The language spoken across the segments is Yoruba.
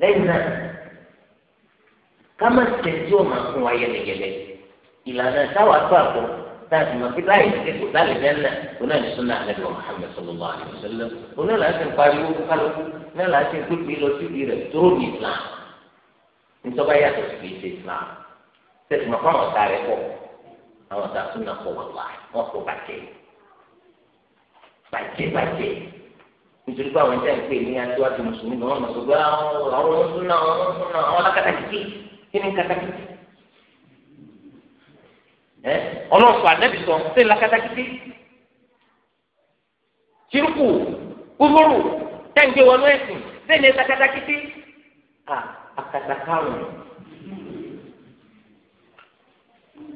lẹ́yìn náà ká má ṣe tí ó máa fún wa yẹlẹyẹlẹ ìlànà táwa tó àpò táàtì máa fi láyé ṣe kò dálé lẹ́nà oná ní sunna àlẹ́ wa Muhammad sallallahu alayhi wa sallam oná là ń ṣe pariwo kálukú oná là ń ṣe pípi lọ síbi rẹ̀ tóró ní Islam nítorí yàtọ̀ sí kì í ṣe Islam tẹ̀sí máa fáwọn ọ̀tá rẹ̀ pọ̀ àwọn ọ̀tá sunna pọ̀ wà wá wọn kò bàjẹ́ bàjẹ́ bàjẹ́ nítorí pé àwọn ìjáde pé ní aṣíwájú mùsùlùmí ni wọ́n mọ̀ sọ́gbà àwọn ọ̀sùnà ọ̀sùnà àwọn alákatakìtì kí ni katakìtì ẹ ọlọ́ọ̀fà nẹ́bí sọ ṣé lakatakìtì tìrùkù kúrúrù tẹ́ǹgbẹ́ wọnú ẹ̀sìn ṣé ní katakìtì à akatakàrùn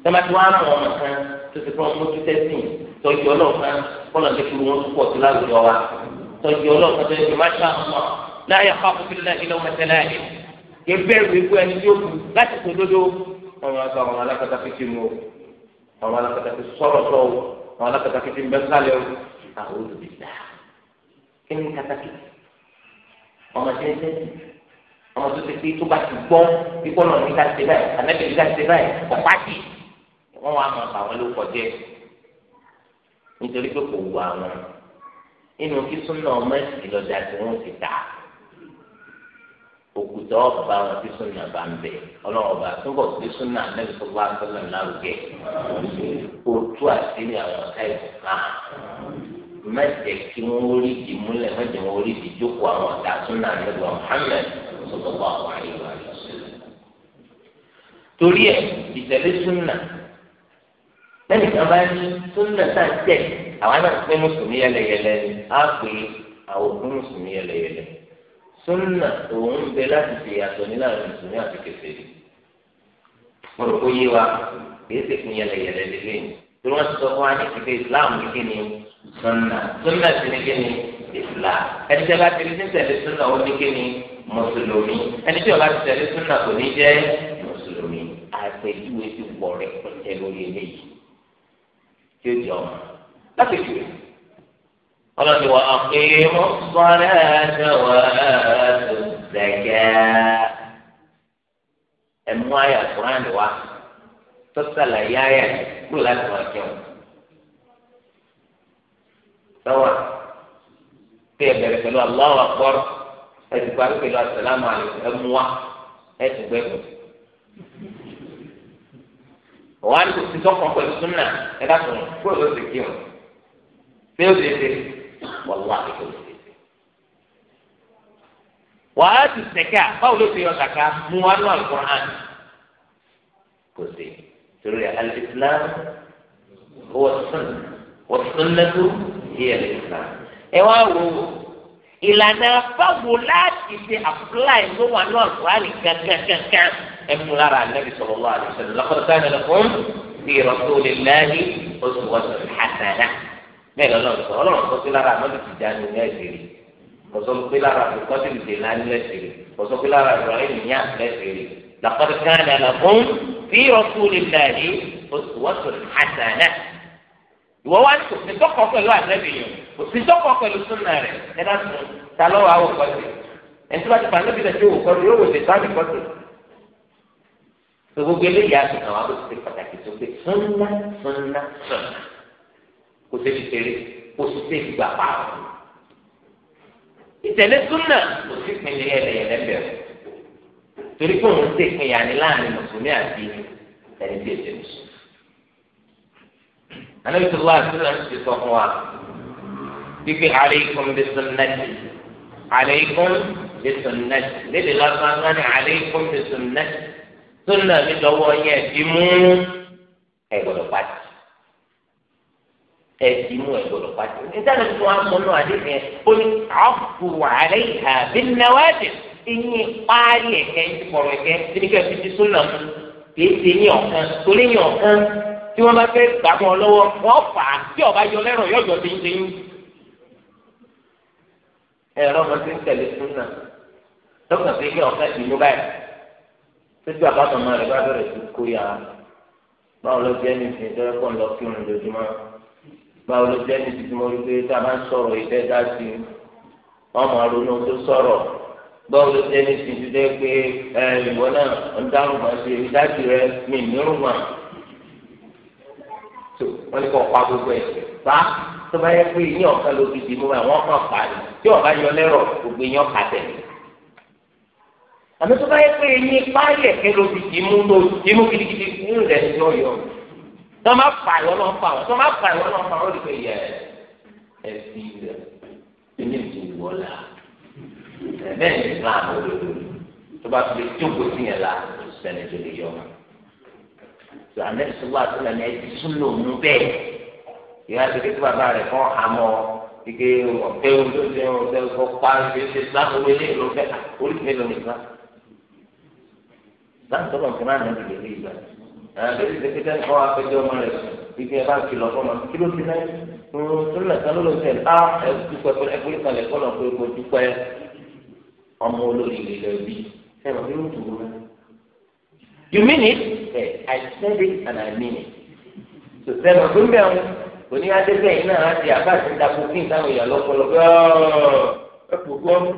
tẹ́mátì wọn àwọn ọmọ kan tó ti fọ́n mọ́tò tẹ́sìn tọ́jú ọlọ́ọ̀kan kọ́nà tó fi wọn pọ̀ sí tọ́jú ọlọ́run tó yẹ máṣá ọmọ láyà fáfún kí lóla ìlú ọmọdé láyè yẹ bẹ́ẹ̀rù ikú ẹni tí ó kù láti tó dodo wọn máa sọ àwọn alákatá fífi mu o àwọn alákatá fi sọ̀rọ̀ sọ o àwọn alákatá fífi bẹ́ẹ̀ sálẹ̀ o àwọn olùbí dá kí ni kàtàkì ọmọ tí ń tẹ́tí ọmọ tó ti pé tó bá ti gbọ́ ikú náà ní ká báyìí ànábì ní ká báyìí ọ̀pá tì wọ́n wá máa bà wọ́n ló kọjẹ́ nítorí pé kò wù àwọn inú kí súnà ọmọ ìlọjà tí wọn ti tà òkúta ọba wọn tí súnà bá ń bẹ ọlọ́run ọba túbọ̀ tí súnà anábì tó bá sọlá lárugẹ òtú àtìrí àwọn ọ̀tá ìbùkà má jẹ́ kí wọn orí di múlẹ̀ má jẹ́ wọn orí di jókòó àwọn ọ̀tá súnà anábì Muhammad sọlọpọ àwọn àyèwà rẹ torí ẹ ìtẹ̀lé súnà lẹ́yìn kan bá ní súnà tá tẹ̀lé àwa náà pé mùsùlùmí yẹlẹyẹlẹ ni á pè àwọn òkú mùsùlùmí yẹlẹyẹlẹ súnà òun bẹ láti fi yàtọ̀ nínú àwọn mùsùlùmí àti kèfèrí kọ̀rọ̀ kó yé wa kìí ṣe fún yẹlẹyẹlẹ lélẹ̀ tí wọ́n sọ fún wa ní ìdílé Islam ní kíni súnà súnà sí ní kíni Islam ẹni tí a bá ti rí tẹ̀lé súnà ó ní kíni mùsùlùmí ẹni tí a bá ti tẹ̀lé súnà kò ní jẹ́ mùsùlùmí àpèjúwe ti wọ̀ rẹ̀ pẹ̀tẹ́ lórí tí ó jọ ọmọ láti fi ọlọ́ni wa aqimu ssalata wa atu zakata ẹ̀mú ayà kúránì wa tọ́sàlà yá ayà kúrò láti wá jẹun sọ́wọ́ tí ẹ bẹ̀rẹ̀ pẹ̀lú Allahu akbar ẹ ti parí pẹ̀lú assalamu alaikum ẹ̀mú wa ẹ̀ ti gbẹ́kùn wàá ní kò sí sọ́kàn pẹ̀lú súnà ẹ̀dá kan kúrò lóṣèké wọn bí ó ṣe ṣe wàlúwà kékeré ló ṣe ṣe. wàá ti sẹ̀kẹ́ báwo ló ṣe yọ kàkà mú wa ní alukur'an kò sí torí alìsílám wọ́sùn wọ́sùnlẹ́tù yẹ alìsílám. ẹ wá wo ìlànà fáwọn láti ṣe àpúláì ló wà ní alukur'an gángangangan ẹ mú lára anabi sọ̀rọ̀ wá àdìsẹ́lẹ̀ lọ́kọ̀ọ́sán ẹ̀ lọ́kùn bí rọ̀ṣọ́lẹ̀ lẹ́yìn oṣù wọ́sùn hàtàlá bẹ́ẹ̀ lọ́nà sọ ọlọ́run sọ pé lára àmọ́ ti dá ní ẹ̀sìn rí kò sọ pé lára àfikọ́ ti dè náà ní ẹ̀sìn rí kò sọ pé lára ìrọ̀lẹ́ ní ẹ̀sìn rí laqad kana lakum fi rasulillahi uswatun hasanah ìwọ wá ní kòsí tọkọ pẹ̀lú àtẹ́bìyàn kòsí tọkọ pẹ̀lú súnà rẹ̀ ẹ dá sùn ta lọ́wọ́ àwọn kọ́sì ẹni tí wọ́n ti pa níbi tẹ̀sí òwò kọ́sì yóò wò ṣe sáàbì kọ́sì. gbogbo eléyìí àti àwọn àbòsí pàtàkì tó pé súnà súnà súnà kò sẹ́ni tẹ̀lé kò sì tẹ̀ gbà pa. ìtẹ̀lé súnà kò sí pinnu yẹlẹyẹlẹ bẹ̀rẹ̀ torí pé òun tẹ̀ pin yàní láàrin mùsùlùmí àti ẹni tí èdè mùsùlùmí. Ànábì sallallahu alaihi wasallam ti sọ fún wa pípé alaykum bi sunnati alaykum bi sunnati lédè lásán náà ni alaykum bi sunnati súnà mi lọ́wọ́ yẹn ti mú ẹ̀ gbọ́dọ̀ ẹbí mú ẹ gbọ́dọ̀ pàṣẹ nítorí tí wọn mú náà adé yẹn ó ní àfùwà alẹ ìhà bí nàwádì eyín parí ẹkẹ ìkọrọ ẹkẹ síbíkẹ fífi súnà mú kìí ṣe eyín ọ̀kan torí eyín ọ̀kan tí wọn bá fẹ́ gbà wọn lọ́wọ́ wọn fà á tí ọba yọ lẹrọ yọjọ tí ń ṣe yín. ẹ̀rọ ọmọ tí ń tẹ̀lé súnà dókítà fi eyín ọ̀kan ìlú báyìí títí àbátan máa rẹ bá bẹ̀rẹ̀ sí kóyà báwo ló jẹ́ ní ìsìn ìtọ́jú báwo ló jẹ́ ní títí mo rí pé tá a máa ń sọ̀rọ̀ ìfẹ́ dá sí i wọ́n máa ronú tó sọ̀rọ̀ báwo ló jẹ́ ní títí dé pé ẹ ìwọ náà ń dáhùn máa ṣe ìdájì rẹ mi nírùn mà tó wọ́n ní kó pa gbogbo ẹ̀ bá tó bá yẹ pé ìyẹn ọ̀kan ló fi dì mú àwọn kan pa ni tí ọ̀bá yọ lẹ́rọ̀ gbogbo ìyẹn ọ̀kà tẹ̀lé àmì tó bá yẹ pé ìyẹn páyẹ̀ ló fi dì mú gidigidi nínú rẹ̀ tó má fà ìwọ náà fà wọn tó má fà ìwọ náà fà wọn lè yẹ ẹsìn rẹ ẹni tó wọ la bẹ́ẹ̀ ní islam olódò tó bá fi jókòó sí yẹn la sẹni tó lè yọ ọ tó anẹ́bí sọ wá sílẹ̀ ní ẹtí súnlẹ̀ òun bẹ́ẹ̀ ìyá ti ké bàbá rẹ̀ fọ́n àmọ́ ike ọ̀bẹ olóde ọ̀bẹ ọ̀pá ìgbésẹ̀ islam olóde ìlú bẹ́ẹ̀ orí mi lọ àti ìdíkẹ́tẹ́ ní ọ̀hún ọmọ rẹ̀ ibi ẹ̀ bá ń kìlọ̀ fún ọmọ kí ló ti náà tún lẹ̀ kan ló ló ẹ̀dúpẹ́ fún ẹgbẹ́ ìkàlẹ̀ pé kò dúpẹ́ ọmọ olórí ilẹ̀ bí ẹ̀ mọ̀ nínú tòun náà. you mean it? ẹ I said it and I mean it. so sẹ́nu tó ń bẹ̀ wọn kò ní adébẹ̀ yìí náà láti àbá àti ìdàpọ̀ kí nǹkan ìyá lọ́pọ̀lọpọ̀ ẹ kò gbọ́ mú.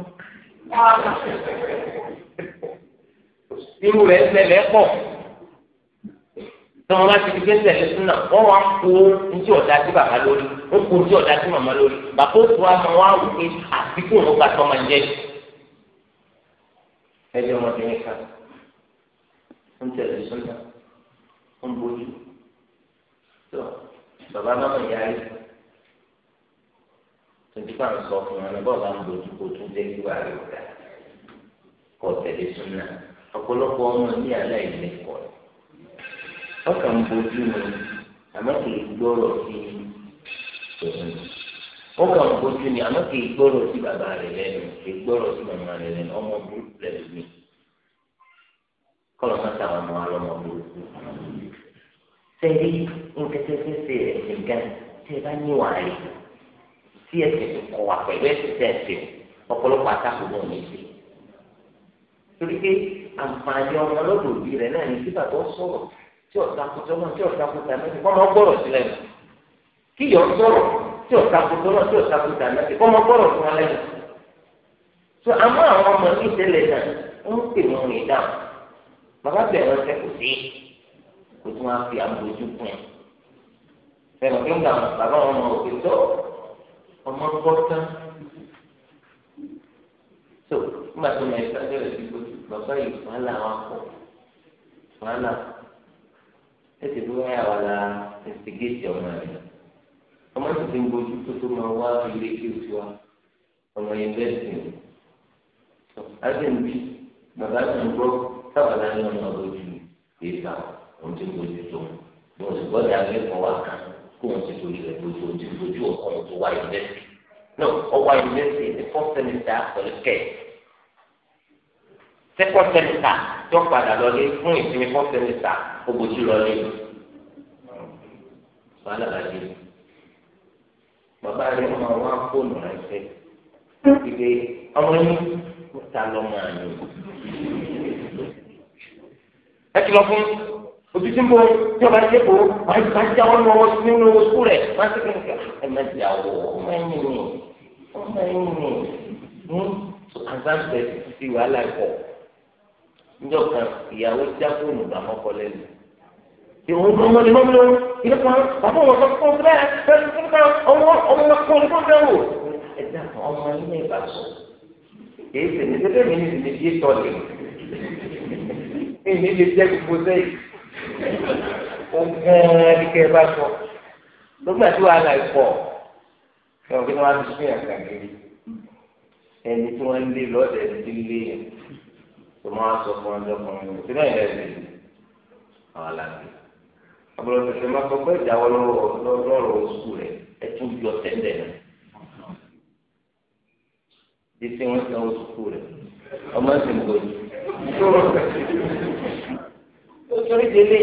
irú rẹ̀ ń ṣẹlẹ̀ pọ̀. tí wọn bá ti fi gbé tẹ̀lé súnà wọn wá kó ntí ọ̀dà sí bàbá lórí ó kó ntí ọ̀dà sí màmá lórí bàbá òtún wa máa wá wò pé àfikún ló gbà tó máa jẹ. ẹbí ọmọbìnrin kan ń tẹ̀lé súnà ń bójú tó bàbá náà yá rí tuntun kan sọ fún wọn nígbà wọn bá ń bójú kó tún dé ìwà rẹ̀ kó tẹ̀lé ọ̀pọ̀lọpọ̀ ọmọ ní ọkàn ń bojú mi àmọ́ kì í gbọ́rọ̀ sí òun ó kàn ń bojú mi àmọ́ kì í gbọ́rọ̀ sí bàbá rẹ̀ lẹ́nu kì í gbọ́rọ̀ sí màmá rẹ̀ lẹ́nu ọmọ burúkú lẹ́nu mi kọ́lọ́ máa tàwọn ọmọ alọ́mọ burúkú sẹ́rí nkẹ́tẹ́fẹ́sẹ́ ẹ̀sìn gan tẹ́ bá níwà rẹ̀ tí ẹ̀sìn kọ̀ wà pẹ̀lú ẹ̀sìn tẹ́ ẹ̀sìn ọ̀pọ̀lọpọ̀ àtàkùn náà ní ìsìn torí pé àǹfààní ọmọ lọ́dọ̀ òbí rẹ̀ náà ní síbà sọ̀rọ̀ tí ọ̀tá kò tọ́lọ́ tí ọ̀tá kò tà lẹ́sìn kọ́mọ gbọ́rọ̀ sílẹ̀ nù kí yọ sọ̀rọ̀ tí ọ̀tá kò tọ́lọ́ tí ọ̀tá kò tà lẹ́sìn kọ́mọ gbọ́rọ̀ fún alẹ́ nù. tó àmọ́ àwọn ọmọ ní ìtẹ́lẹ̀ náà ń pè wọ́n rìn dáhùn bàbá bẹ̀rẹ̀ ọ̀sẹ̀ kò sí kò tún wá fi àbójú kún ẹ̀. fẹ́ràn kí ń gbà wọn bàbá wọn òkè tó ọmọ gbọ́ tán. tó nígbà tó mẹ ẹsẹ bí wọn yà wà la ẹsìgẹtì ọmọ rẹ ọmọ tó ti ń bójú tó tó máa wá ilé kí o ti wá ọmọ yẹn bẹ́ẹ̀ sì ń ẹsẹ ń bí bàbá tó ń gbọ́ sábà láyé ọmọ bójú èyí ta òun ti ń bójú tó ní oṣù gbọ́dọ̀ akẹ́kọ̀ọ́ wa kan kó òun ti torí rẹ bójú òun ti bójú ọkọ òun tó wá yunifásitì no ọwá yunifásitì ní fọ́sẹ̀mìtà pẹ̀lú kẹ̀ sẹ́kọ̀ọ́ sẹ́mìtà tó padà lọlé fún ìsinmi fún sẹ́mítà ogójì lọlé wàhálà làdé bàbá rẹ ọmọ wa fóònù rẹ fẹ ìgbé ọmọ yín ta lọmọ àná ẹ kìlọ̀ fún òtútù ń bọ tí ọba ṣe kó wàá ti máa jáwọ́ ní ọwọ́ nínú owó sukú rẹ̀ máa ṣe kéwọn kẹ ẹ máa di àwọ ọmọ ẹ̀yìn ni ọmọ ẹ̀yìn ni àgbà hmm? bẹ ti wàhálà ẹ̀kọ́ níjọ kan ìyàwó já fóònù gbà mọ́kọ lẹ́nu ìwọ ọmọ ọmọ lèmọ́ lọ ilé kan bàbá wọn kọ́ fún ọdún bẹ́ẹ̀ bẹ́ẹ̀ fún ọdún ọmọ ọmọ kan ló fún ọdún wò. ẹ dá ọmọ yín ní ìgbà sọ èyí sì ní sẹ́fẹ́ mi ní ìdílé bíi tọ́lẹ̀ èyí lè jẹ́ gbogbo sẹ́yìn ogun ẹnikẹ́ bá sọ lọ́gbà tí wàhálà ìpọ̀ ẹ̀ ọ̀gbìn wọn á ti sún yàn kàkiri ẹni tí wọ́n lé lọ́dẹ̀ ẹni tí lé yẹn tó máa sọ fún ọjọ́ kan ní ìsìn náà yẹn lè àwọn aláǹdì àbúrò tètè máa sọ pé ìdáwọ́ lọ́rọ̀ oṣù rẹ̀ ẹ tún yọ tẹ́lẹ̀ náà di tí wọ́n san oṣù rẹ̀ ọmọ sì ń gbòòdì. ó torí délé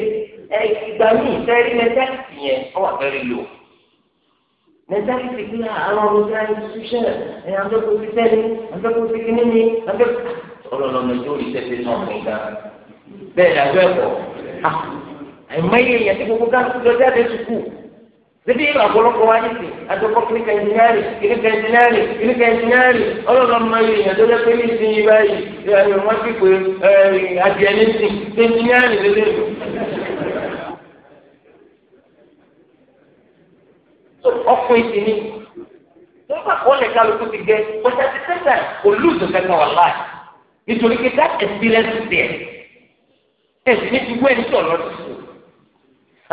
ìgbà míì sẹ́rí mẹ́tálìtì yẹn ó wà fẹ́rẹ̀ lò mẹ́tálìtì kí àwọn ọmọ ìgbà yẹn ṣiṣẹ́ ẹ̀ àbẹ́kọ̀ọ́ ti sẹ́ni àbẹ́kọ̀ọ́ ti kíní ni àbẹ́kọ̀ọ́ ọlọ́lọ́mọ yóò rí tẹ́tẹ́ náà fún ga bẹ́ẹ̀ ni àjọ ẹ̀kọ́ ah, àìmọye yẹn tí gbogbo ká lọ jáde sùkú síbi ìlú àpọ̀lọpọ̀ wa ní ti àjọpọ̀ kíníkà ìjìnlẹ́rì kíníkà ìjìnlẹ́rì kíníkà ìjìnlẹ́rì ọlọ́lọ́mọ yìí yẹn tó jẹ́ pé ní ìsinyìí báyìí wọ́n ti pè adìẹ ní ti ìjìnlẹ́rì lélẹ́yìn. ọkùnrin sì ni wọ́n bá kọ́ ọ́ lẹ́ka lóko ti gẹ ọjà ti sẹ́sẹ̀ kò lùzọ̀ kẹ́kẹ́ wà láì nítorí pé that experience there ẹ̀sìn ní ti wú ẹni tí ọ̀lọ́ ti sùn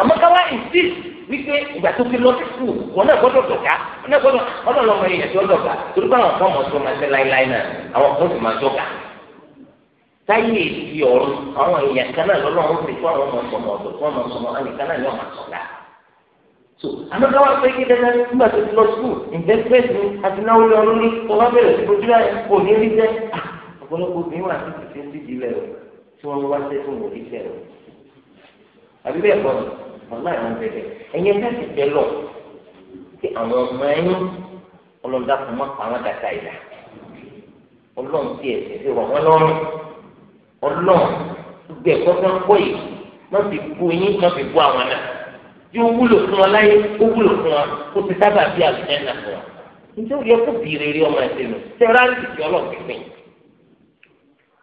àmọ́ káwá insist wípé ìgbà tó fi lọ sí sùn wọn náà gbọ́dọ̀ dọ̀gá wọn náà gbọ́dọ̀ ọ̀dọ̀ lọ́mọ èèyàn tó dọ̀gá torí báwọn kan mọ̀ tó máa ṣe láíláí náà àwọn kan sì máa dọ̀gá táyé ti ọ̀run àwọn èèyàn kan náà lọ́nà wọn fi fún àwọn ọmọ sọmọ ọ̀dọ̀ fún ọmọ sọmọ àwọn nìkan náà ní ọmọ sọ̀gá so àmọ́ káwá pé kí dandan nígbà tó fi lọ sùn investment àti náwó lọ́rùn ní ọlọ́bẹ̀rẹ̀ ọ̀pọ̀lọpọ̀ obìnrin wà ní títí ń dídì lẹ̀ o tí wọ́n wá sẹ́ fún òbí sẹ́ o àbí bẹ́ẹ̀ kọ́ màmá àwọn bẹ̀rẹ̀ ẹ̀yẹ láti bẹ́ lọ kí àwọn ọmọ ẹ̀yìn ọlọ́dà kò má pa àwọn dàda ìlà ọlọ́run tí ẹ̀sẹ̀ ti rọ̀ wọ́n lọ́rùn ọlọ́run gbẹ̀ kọ́kọ́ kọ́ yìí má fi bu yín má fi bu àwọn náà yóò wúlò fún wọn láyé ó wúlò fún wọn kó ti sábà bí àlùjẹ́ náà fún wọn nítorí ẹ kó bìrì rí ọmọ ẹ̀sẹ̀ nù sẹ́ráǹtì tí ọlọ́run ti pín in.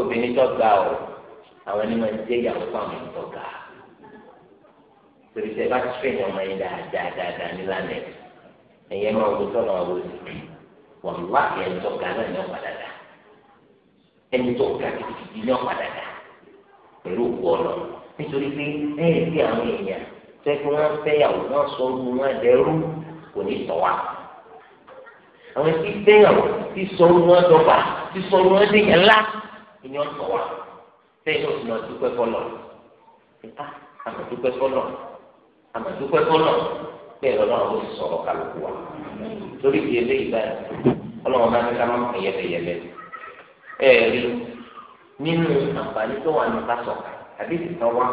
obìnrin tó ga ọ àwọn ẹni máa ń jẹ ìyàwó fún àwọn tó ga torí sẹ bá tírìn ọmọ yìí dáadáa dáadáa nílànà ẹyẹ máa ń wọtọ náà wọ sí wọn wá ẹni tó ga náà ní ọ̀pá dáadáa ẹni tó ga gidigidi ní ọ̀pá dáadáa pẹ̀lú òkú ọ̀nà nítorí pé ẹ̀yìn sí àwọn èèyàn tẹ́ kí wọ́n fẹ́yàwó wọ́n sọ ọ́nù wọn dẹrú kò ní tọ́ wa àwọn ẹni tí fẹ́yàwó tí sọ ọ́nù wọn dọ́gba tí sọ ọ́nù wọn dẹ̀yẹ̀ ńlá ìní ọ̀sọ̀ wa sẹ́yìn oṣù náà dúpẹ́ fọlọ́ ah, ìta àmàdúpẹ́ fọlọ́ àmàdúpẹ́ fọlọ́ bẹ́ẹ̀ lọ́nà àwọn oṣù sọ̀rọ̀ kálukú wa lórí ìdí eléyìí báyìí ọlọ́run máa ń ká máa ń pè yẹlẹyẹlẹ ẹ̀ẹ́rì nínú àǹfààní tó wà ní kásọ̀kà àbí ìtọ́wá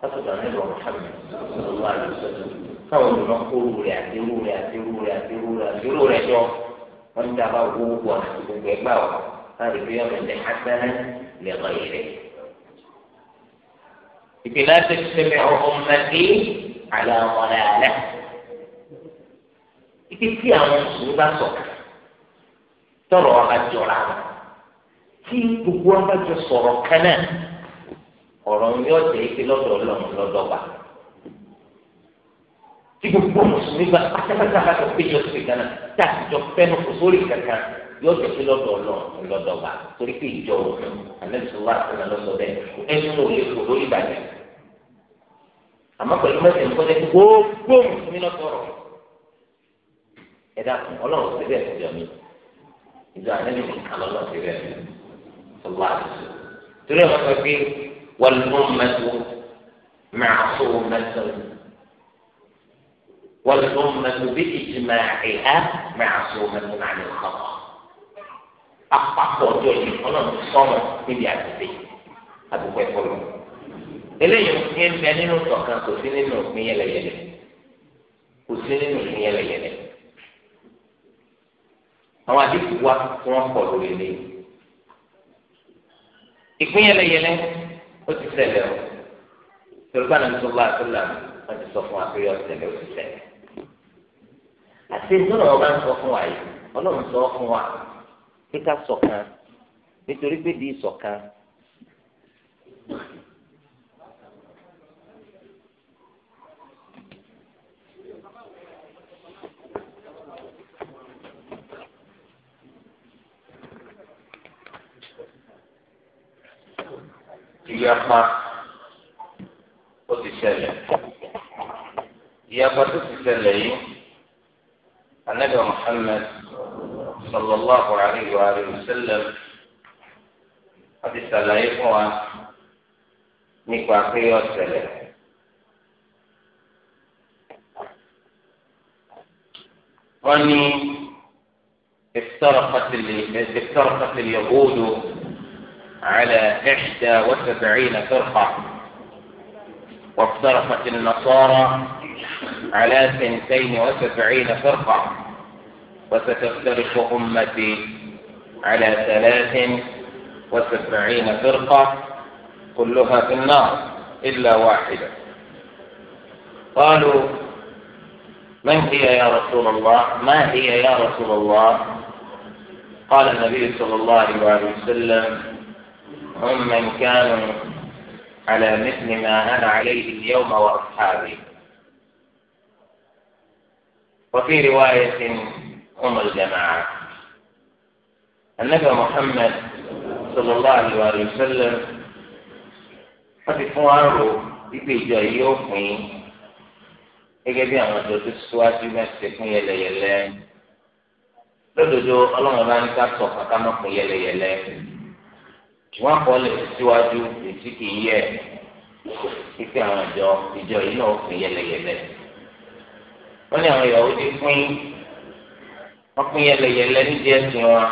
lásọ̀tà nílò Muhammad sallallahu alaihi wasallam káwọn olùmọ̀ kó rú rẹ̀ àti rú rẹ̀ àti rú rẹ̀ àti rú rẹ̀ jọ wọ́n ti dábàá gbogbo àti gbogbo ẹgbẹ́ àwọn láti fi ọmọ ẹ̀dẹ̀ hasanà lè rọ ìrẹ́. ìpìlẹ̀ ti sẹ́mi ọ̀hún mẹ́tì àlọ́ ọ̀rẹ́ alẹ́. ibi tí àwọn mùsùlùmí bá sọ tọrọ ọba jọra tí gbogbo ọba jọ sọ̀rọ̀ kanáà ọ̀rọ̀ ń yọ ike lọ́dọ̀ ọlọ́run lọ́dọ̀ wa. tí gbogbo mùsùlùmí bá pátápátá bá jọ péjọ sí kanáà tí àtijọ́ fẹ́nu kò sórí kankan yóò tẹ̀sí lọ́dọ̀ náà lọ́dọ̀ wa torí pé ìjọ àlẹ́sọ̀wá àtàlà lọ́sọ̀ bẹ́ẹ̀ ẹnu ò lè kó lórí ìbàjẹ́ àmọ́ pẹ̀lú mẹ́sẹ̀ ń kọ́lé gbogbo mùsùlùmí náà sọ̀rọ̀ ẹ dákun ọlọ́run ti bẹ́ẹ̀ sọ̀rọ̀ mi ìjọ àlẹ́bí ti kà lọ́lọ́ ti bẹ́ẹ̀ sọ̀rọ̀ àdùsù torí àwọn sọ pé wàlúùmẹ́tò màásùmẹ́tò wàlúùmẹ́tò bí ìjìmá ìhá apapọ̀ ọjọ́ yìí ọlọ́run ti sọ́mọ níbi àtẹ̀tẹ̀ àdúgbò ẹ̀kọ́ lọ. eléyìí ní ń bẹ nínú tọ̀kan kò sí nínú òpin yẹlẹyẹlẹ kò sí nínú òpin yẹlẹyẹlẹ. àwọn àdínkù wa tí wọ́n pọ̀ lórí ilé ìpín yẹlẹyẹlẹ ó ti ṣẹlẹ̀ o yorùbá náà ń bá àtúnlá wọn ti sọ fún wa pé yọ ṣẹlẹ̀ ó ti ṣẹlẹ̀ àti ìdúrà wọn ń sọ fún wa yìí ọlọ́run sọ fún wa pé ká ṣọ̀kan nítorí pé di ìṣọ̀kan ìyapa ó ti ṣẹlẹ̀ ìyapa tó ti ṣẹlẹ̀ yìí anabi muhammed. صلى الله عليه وآله وسلم حديث sàlàyé fún wa nípa pé yọ افترقت افترقت اليهود على إحدى وسبعين فرقة وافترقت النصارى على ثنتين وسبعين فرقة وستفترق أمتي على ثلاث وسبعين فرقة كلها في النار إلا واحدة قالوا من هي يا رسول الله ما هي يا رسول الله قال النبي صلى الله عليه وسلم هم من كانوا على مثل ما أنا عليه اليوم وأصحابي وفي رواية هم الجماعة النبي محمد صلى الله عليه وسلم wọ́n ti fún wa rò wípé ìjọ yìí yóò pín gẹ́gẹ́ bí àwọn ọ̀dọ́ tó síwájú náà ti pín yẹlẹyẹlẹ lódodo ọlọ́run bá ní ká sọ kàkà wọ́n pín yẹlẹyẹlẹ nídìí ẹ̀sìn wọn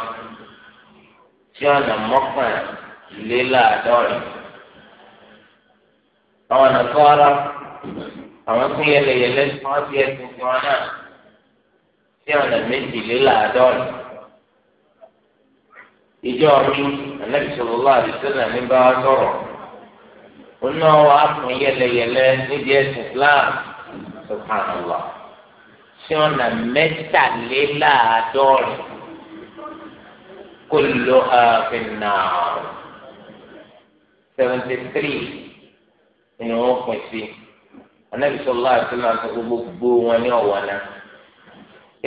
sí ọ̀nà mọ́kànléláàádọ́rin àwọn ọ̀nà kọ́ra àwọn pín yẹlẹyẹlẹ tí wọ́n ti ẹ̀sìn sí wọn náà sí ọ̀nà méjìléláàádọ́rin ìjọ mi ànábì sallallahu alaihi wasallam ní bá wa sọ̀rọ̀ ó náà wà á pín yẹlẹyẹlẹ nídìí ẹ̀sìn Islam subhanallah sí ọ̀nà mẹ́tàléláàádọ́rin kó lo àfẹnà seventy three ni wọ́n pín sí anabi sọlá àti náà sọ gbogbo wọn ní ọwọ́ náà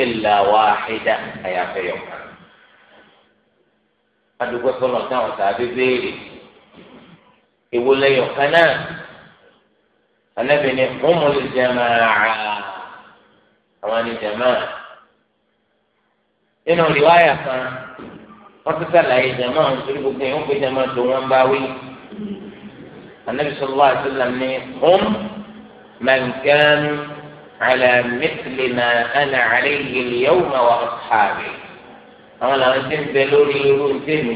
ìlà wàhídà àyàfẹ́ yọkan adúgbò sọlọ táwọn sàbí béèrè ìwòlẹ́yọkan náà anabi ni ọmọlẹ́jẹ̀ máa rà àwọn àníjàmá nínú rìwáyà kan wọ́n ti sàlàyé jàmá àwọn torí gbogbo yẹn wọ́n pe jàmá tó wọ́n bá wí anabi sọlá àtúlám ní hum mẹnkán àlà mẹtìlínà ànà àlẹ yìlì yẹwò máa wà sàbẹ àwọn làwọn ti ń bẹ lórí irú ntẹmi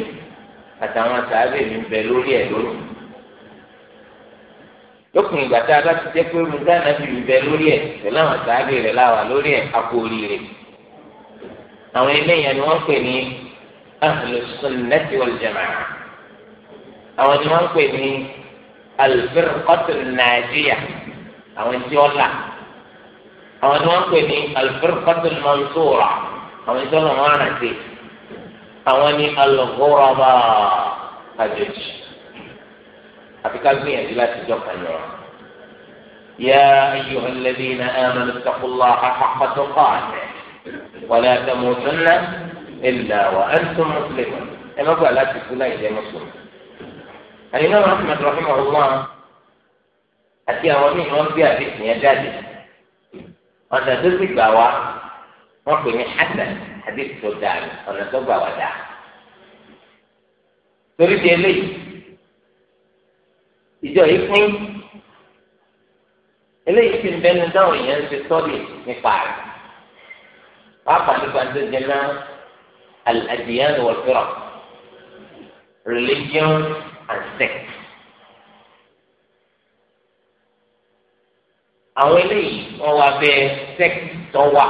àtàwọn sàbẹ mi ń bẹ lórí ẹ lónìí lókùn ìgbà tá a bá ti jẹ́ pé irun dáná fi bẹ lórí ẹ̀ pẹ̀lú àwọn sàábì rẹ̀ láwà lórí ẹ̀ àpò oríire àwọn eléyàn ni wọ́n pè ní ahlus sunnati wal jamaa àwọn ni wọ́n pè ní al-firqatul àwọn tí wọ́n là àwọn ni wọ́n pè ní al-firqatul àwọn tí wọ́n lọ wọ́n rántí àwọn ni al àjèjì. àfi ká لا láti jọ kàn yẹn. يا أيها الذين آمنوا اتقوا الله حق تقاته ولا تموتن إلا وأنتم مسلمون إما قال لا تكون إلا مسلم الإمام أحمد رحمه الله أتي أولين وأن بها باسم يجادل وأن تزيد بوا وأن حسن حديث سودان وأن تبوا وداع تريد إليه ìjọ yìí pín eléyìí ti ń bẹnu dáhùn èèyàn ń ṣe sọ́ọ̀lì nípa rẹ̀ pàápàá nípa tó jẹ náà al-adiyan wal religion and sect. àwọn eléyìí wọn wá bẹ sect tó wà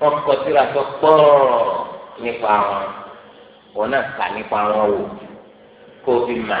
wọn kọ síra tó pọ̀ọ̀ nípa wọn wọn náà kà nípa wọn wò kó fi mà.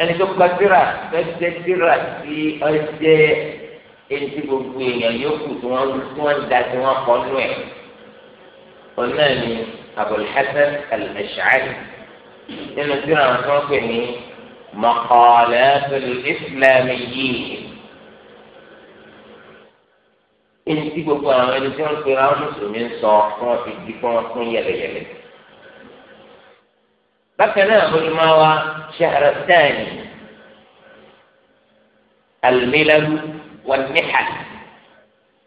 ẹni tó gba síra fẹsẹ síra sí ọjẹ etí gbogbo èèyàn yòókù tí wọn tí wọn da tí wọn kọ nù ẹ ọ̀nà ni Abul Hasan al-Ash'ari nínú síra wọn tó ń pè ní Maqalatul Islamiyyin etí gbogbo àwọn ẹni tí wọn pera wọn mùsùlùmí ń sọ wọn fi di kí yẹlẹyẹlẹ. بكنا ما شهر الثاني الملل والنحل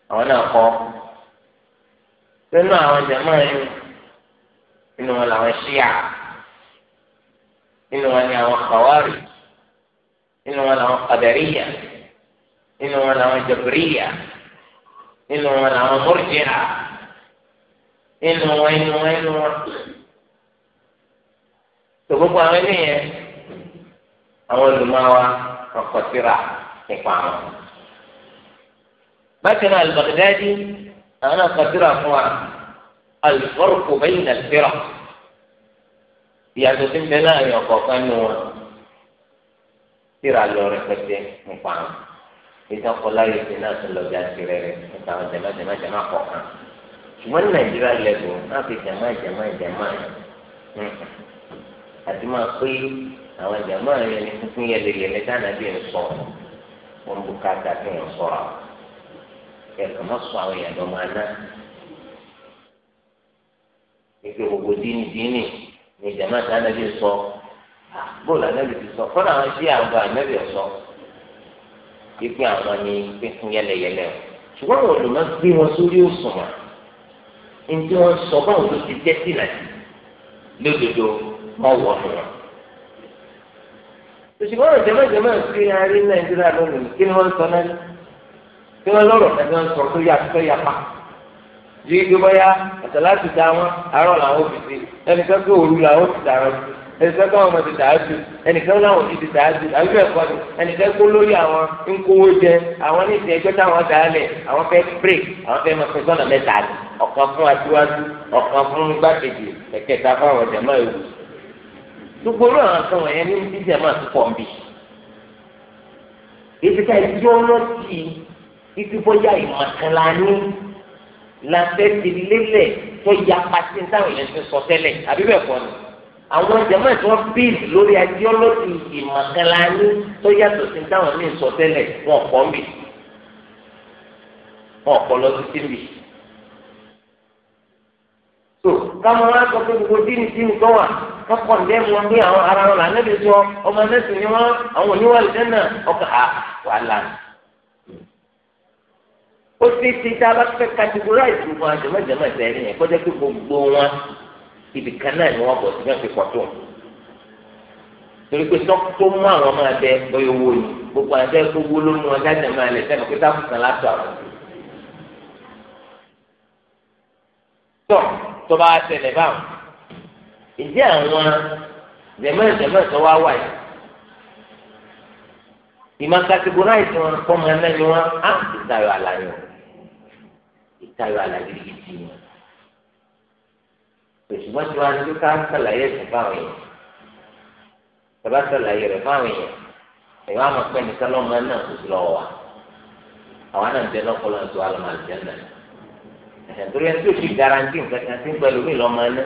وانا اخو لنا جماعة انه على الشيعة انه على الخوارج انه على القدرية انه على الجبرية انه المرجعة انه tó gbogbo àwọn eléyẹn àwọn olùmọ̀wá ọkọ̀ síra nípa wọn. bákan náà al-Baghdadi àwọn ọkọ̀ síra fún wa al-farqu bayna al-firaq ìyàtọ̀ tí ń bẹ láàrin ọ̀kọ̀ọ̀kan nù wọn síra lọ rẹpẹtẹ nípa wọn ìdánkọláyé ti náà tún lọ́jà tirẹ̀ rẹ̀ nípa àwọn jẹ̀má jẹ̀má jẹ̀má kọ̀ọ̀kan ṣùgbọ́n ní nàìjíríà lẹ́gùn náà fi jẹ̀má jẹ̀má jẹ̀má àti máa pé àwọn jàmá yẹn ní fúnfún yẹlẹyẹlẹ dáná bí n sọ wọn bú káàtà kí wọn sọra kẹkọọ má sọ àwọn èèyàn lọmọ aná nígbà gbogbo díìnì díìnì ní jàmá dáná bí n sọ bóòlù anábì ti sọ fọlá àwọn tí àwọn anábì sọ pípín àwọn ní fífún yẹlẹyẹlẹ o ṣùgbọ́n àwọn olùmọ̀ gbé wọn sórí òṣùwọ̀n ní tí wọ́n sọ báwọn ló ti jẹ́ sílẹ̀ lódodo. ọwọ́ fún wọn. òṣìkò ọ̀rọ̀ jẹ́mọ̀jẹ́mọ̀ sí arí nàìjíríà lónìí kí ni wọ́n sọ náà kí wọ́n lọ́rọ̀ kẹ́kẹ́ ń sọ tó yà tó yà pa. àtẹ láti da wọn làwọn sí ẹnìkan òru làwọn ẹnìkan ti dàá ju ẹnìkan ti dàá ju ni ẹnìkan kó lórí àwọn jẹ àwọn ní ìsìn ẹgbẹ́ táwọn àwọn fẹ́ àwọn fẹ́ gbogbo orí àwọn kan wọ̀nyẹn ní bíbí àmọ́ àti pọ̀nbì ìfìkà ìjọ ọlọ́tì ìfìbọ́yà ìmọ̀kànlá ní làbẹ́ ti lélẹ̀ tó ya pàṣẹ táwọn èèyàn ti sọ tẹ́lẹ̀ àbí bẹ́ẹ̀ kọ́ ni àwọn jama tí wọ́n bíìlì lórí ideology ìmọ̀kànlá ní tó yàtọ̀ sí táwọn míì sọ tẹ́lẹ̀ wọn kọ́ mi wọn kọ́ lọ tó káwọn wá sọ pé gbogbo díìnì díìnì tó wà wọn pọ̀ ní ẹ̀mú wọn bí àwọn ara wọn lànà bí sọ ọmọ mẹ́sìn ni wọn àwọn oníwà lẹ́sẹ̀ náà ọkà á wà lá. ó ti ti tá a bá fẹ́ categorize gbogbo àjẹmọ́jẹmọ́ ìtẹ́rí yẹn kọjá pé gbogbo wọn ibìkan náà ni wọ́n bọ̀ sí náà fi pọ̀ tó torí pé tó mú àwọn ọmọ abẹ bóyá owó ni gbogbo abẹ gbogbo ló mú wọn tó bá ṣẹlẹ̀ báwọn ìdí àwọn jẹ̀mẹ́jẹ̀mẹ́ tó wá wà yìí ìmọ̀ kàtìgóráìsì wọn kọ́ máa náà ni wọ́n á ìtayọ̀ àlàyé wọn ìtayọ̀ àlàyé yìí ti wọn òṣùwọ́n tí wọ́n á ní ká sàlàyé ẹ̀sìn fáwọn yẹn tọ́ba sàlàyé rẹ̀ fáwọn yẹn ìwà àmọ̀ pẹ́ nìkan lọ́mọ náà kò sí lọ́wọ́ wa àwọn náà ń tẹ́ lọ́kọ́ lọ́nà tó wà lọ́mọ àlùjẹ́ náà torí ẹni tí o ti garanti nǹkan kan tí ń pẹ̀lú mi lọ́mọ ẹná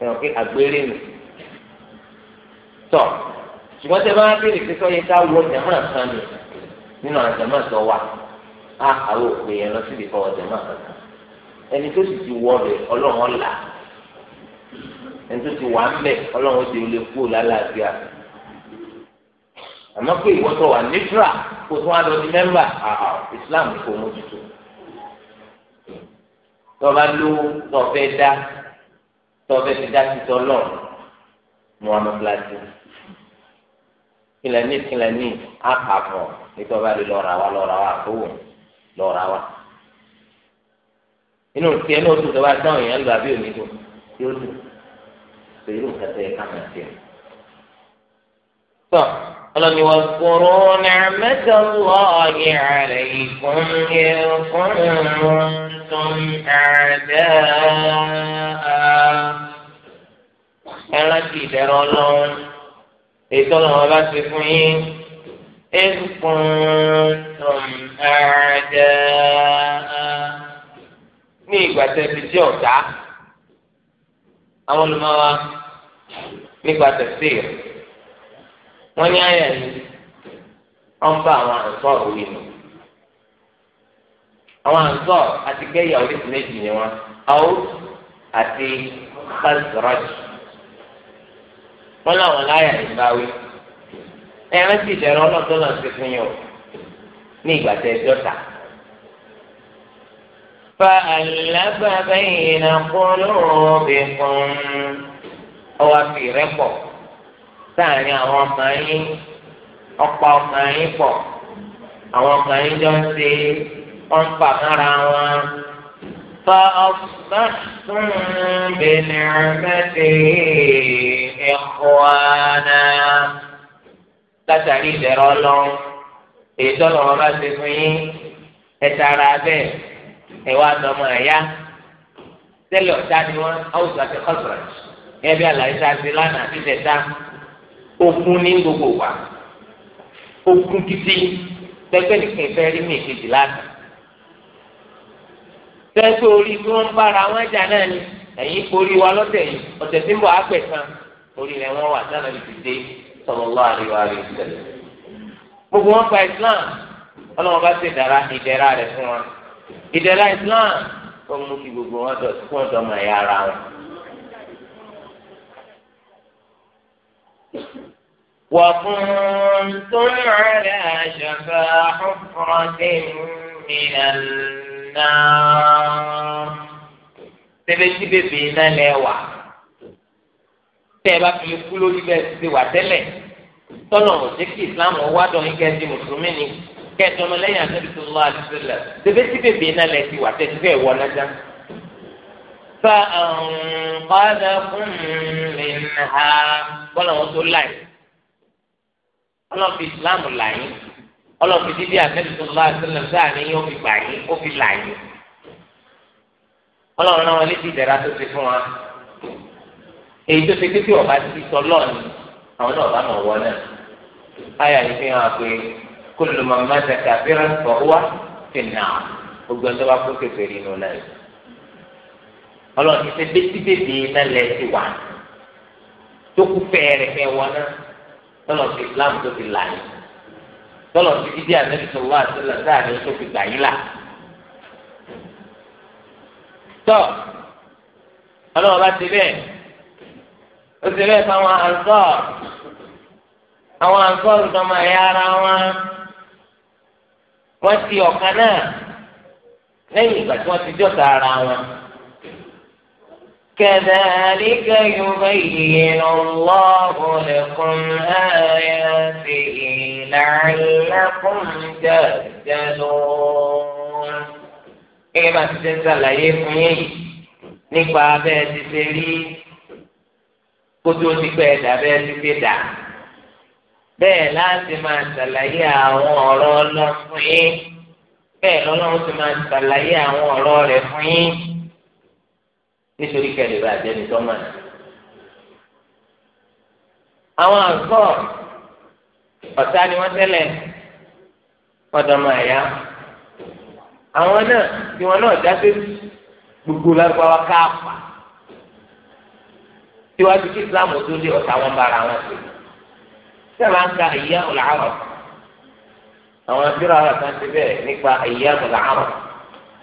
ẹ̀wọ̀n pé àgbélé nù. tọ́ ṣùgbọ́n tẹ bá wá béèrè pé sọ́yìn ká wọ jàmáà kan nù nínú àwọn jàmáà tó wà á àwọn òpè yẹn lọ síbi fọwọ́ jàmáà kankan ẹni tó sì ti wọ ọbẹ̀ ọlọ́run ọ̀la ẹni tó ti wà ń bẹ̀ ọlọ́run ti lè kú lálàáfíà àmọ́ pé ìwọ́tọ̀ wà nítra kó tó wá lọ di mẹ́mbà Islam kò mójútó tọba lówó tọfẹ dá tọfẹ ti dá ti tọlọ mọ amúfilasi kìlẹ̀ ní kìlẹ̀ ní àkàfọ̀ nítorí lè lọ́ra wa lọ́ra wa àtòwò lọ́ra wa inú tiẹ̀ ní oṣù tó bá dáhùn yẹn lọ àbí òní dùn yóò dùn tó irú kẹtẹ ká máa tiẹ̀. tọ́ ọlọ́ni wa kúrò ní àmẹ́tẹ̀ lọ́ọ̀yẹ̀ àlẹ́ ìkùn ìkùn mọ́. كنتم أعداء ẹrántí ìdẹ̀rọ ọlọ́run ètò ọlọ́run bá ti fún yín ẹ̀kúntùm ẹ̀ẹ́dẹ́ ní ìgbà tẹ̀sí tí ọ̀dá àwọn olùmọ̀wá nígbà tẹ̀sí wọ́n ní àyà yìí wọ́n bá àwọn àǹfọ̀rọ̀ yìí nù àwọn àǹsọ àti kẹyà oríṣi méjì ni wọn Aus àti Khazraj wọn làwọn láyà ìbáwí ẹ rántí ìdẹrùn ọlọ́dún náà ti fún yín o ní ìgbà tẹ ẹjọ́ ta. فألف بين قلوبكم ọwọ́ àfi ìrẹ́pọ̀ sáàrin àwọn ọmọ yín ọ̀pọ̀ ọmọ yín pọ̀ àwọn ọmọ yín jọ ń ṣe é wọn fà mọ́ra wọn. فأصبحتم بنعمته إخوانا látàrí ìdẹ̀rọ̀ ọlọ́run èyí tọ́lọ̀ wọn bá ṣe fún yín ẹ tara bẹ́ẹ̀ ẹ wá dọmọ ẹ̀yá tẹ́lẹ̀ ọ̀tá ni wọ́n áwùjọ àti kọ́sọ̀rọ̀ ẹ bí àlàyé tá a ṣe lánàá àti ìdẹ̀ta okun ní gbogbo wa okun kìtì pẹ́pẹ́ nìkan ìfẹ́ rí mi ìkejì lánàá fẹ́ẹ́ tó orí bí wọ́n ń bára wọn jà náà ni ẹ̀yìn forí wa lọ́tẹ̀ yìí ọ̀tẹ̀ tí ń bọ̀ ápẹ̀ kan orí rẹ̀ wọ́n wà sánà lè ti dé sallallahu alaihi wa sallam. gbogbo wọn pa Islam ọlọ́wọ́n bá ṣe dára ìdẹ́ra rẹ̀ fún wọn ìdẹ́ra Islam ó mú kí gbogbo wọn dọ̀ fún ọ̀dọ́mọ ẹ̀yà ara wọn. وكنتم على شفا حفرة من النار náà tẹ́lẹ̀tì bèbè náà lẹ́ wà tẹ́ ẹ bá fi kú lórí bẹ́ẹ̀ ti wà tẹ́lẹ̀ tọ́nà òjé kí islam wá dọ̀yìn kẹ́ẹ̀dì mùsùlùmí ni kẹ́ẹ̀dì ọmọ lẹ́yìn àtẹ́bí tó lọ́wọ́ àdìsílẹ̀ tẹ́lẹ̀tì bèbè náà lẹ́ ti wà ọlọ́ọ̀fi dídí àtẹ́lẹ̀ tó lọ́wọ́ àtẹ́lẹ̀ sáà ní yóò fi gbà yín ó fi là yín ọlọ́run náà wọn létí ìdẹ̀ra tó ti fún wa èyí tó ti pé kí ọba ti sọ lọ́ọ̀ni àwọn náà bá mọ̀ wọ náà ayà yìí fi hàn pé kó ló máa má ṣe kàfíra fọ wá fi nà gbogbo ẹjọ́ bá kó kéfè rí inú náà ọlọ́run ti ṣe bẹ́tíbẹ́tì náà lẹ́ ti wà tó kú fẹ́ẹ́rẹ́ fẹ́ wọ náà lọ́lọ́ Islam tó ti là tọ́lọ̀ sí kíkí ànábì sọ̀rọ̀ àtẹlẹ sáàrin tó fi gbà yín là. tọ́ ọlọ́run bá ti bẹ́ẹ̀ ó ti bẹ́ẹ̀ fáwọn àǹsọ́ àwọn àǹsọ́ ìdánmọ̀ ẹ̀yà ara wọn wọ́n ti ọ̀kan náà lẹ́yìn ìgbà tí wọ́n ti jọ́ta ara wọn. كذلك يبين الله لكم آياته لعلكم تهتدون ẹ bá ti ṣe ń ṣàlàyé fún yín nípa abẹ́ ti ṣe rí kótó ti pẹ́ dà bẹ́ẹ̀ ti ṣe dà bẹ́ẹ̀ láti máa ṣàlàyé àwọn ọ̀rọ̀ ọlọ́run fún yín bẹ́ẹ̀ lọ́lọ́run ti máa ṣàlàyé àwọn ọ̀rọ̀ rẹ̀ fún yín nítorí kẹlẹ bá jẹ ní tọ́mọ̀nà. àwọn àgbọ̀ ọ̀tá ni wọ́n tẹ́lẹ̀ ọ̀dọ́mọ àyà àwọn náà tí wọn náà jáde gbogbo lárúbáwá káàpà tíwájú kí islam tó dé ọ̀tá wọn bára wọn sí sábà ń ka ìyá ọ̀làárọ̀ àwọn abirọ̀ àrà kan ti bẹ̀rẹ̀ nípa ìyá ọ̀làárọ̀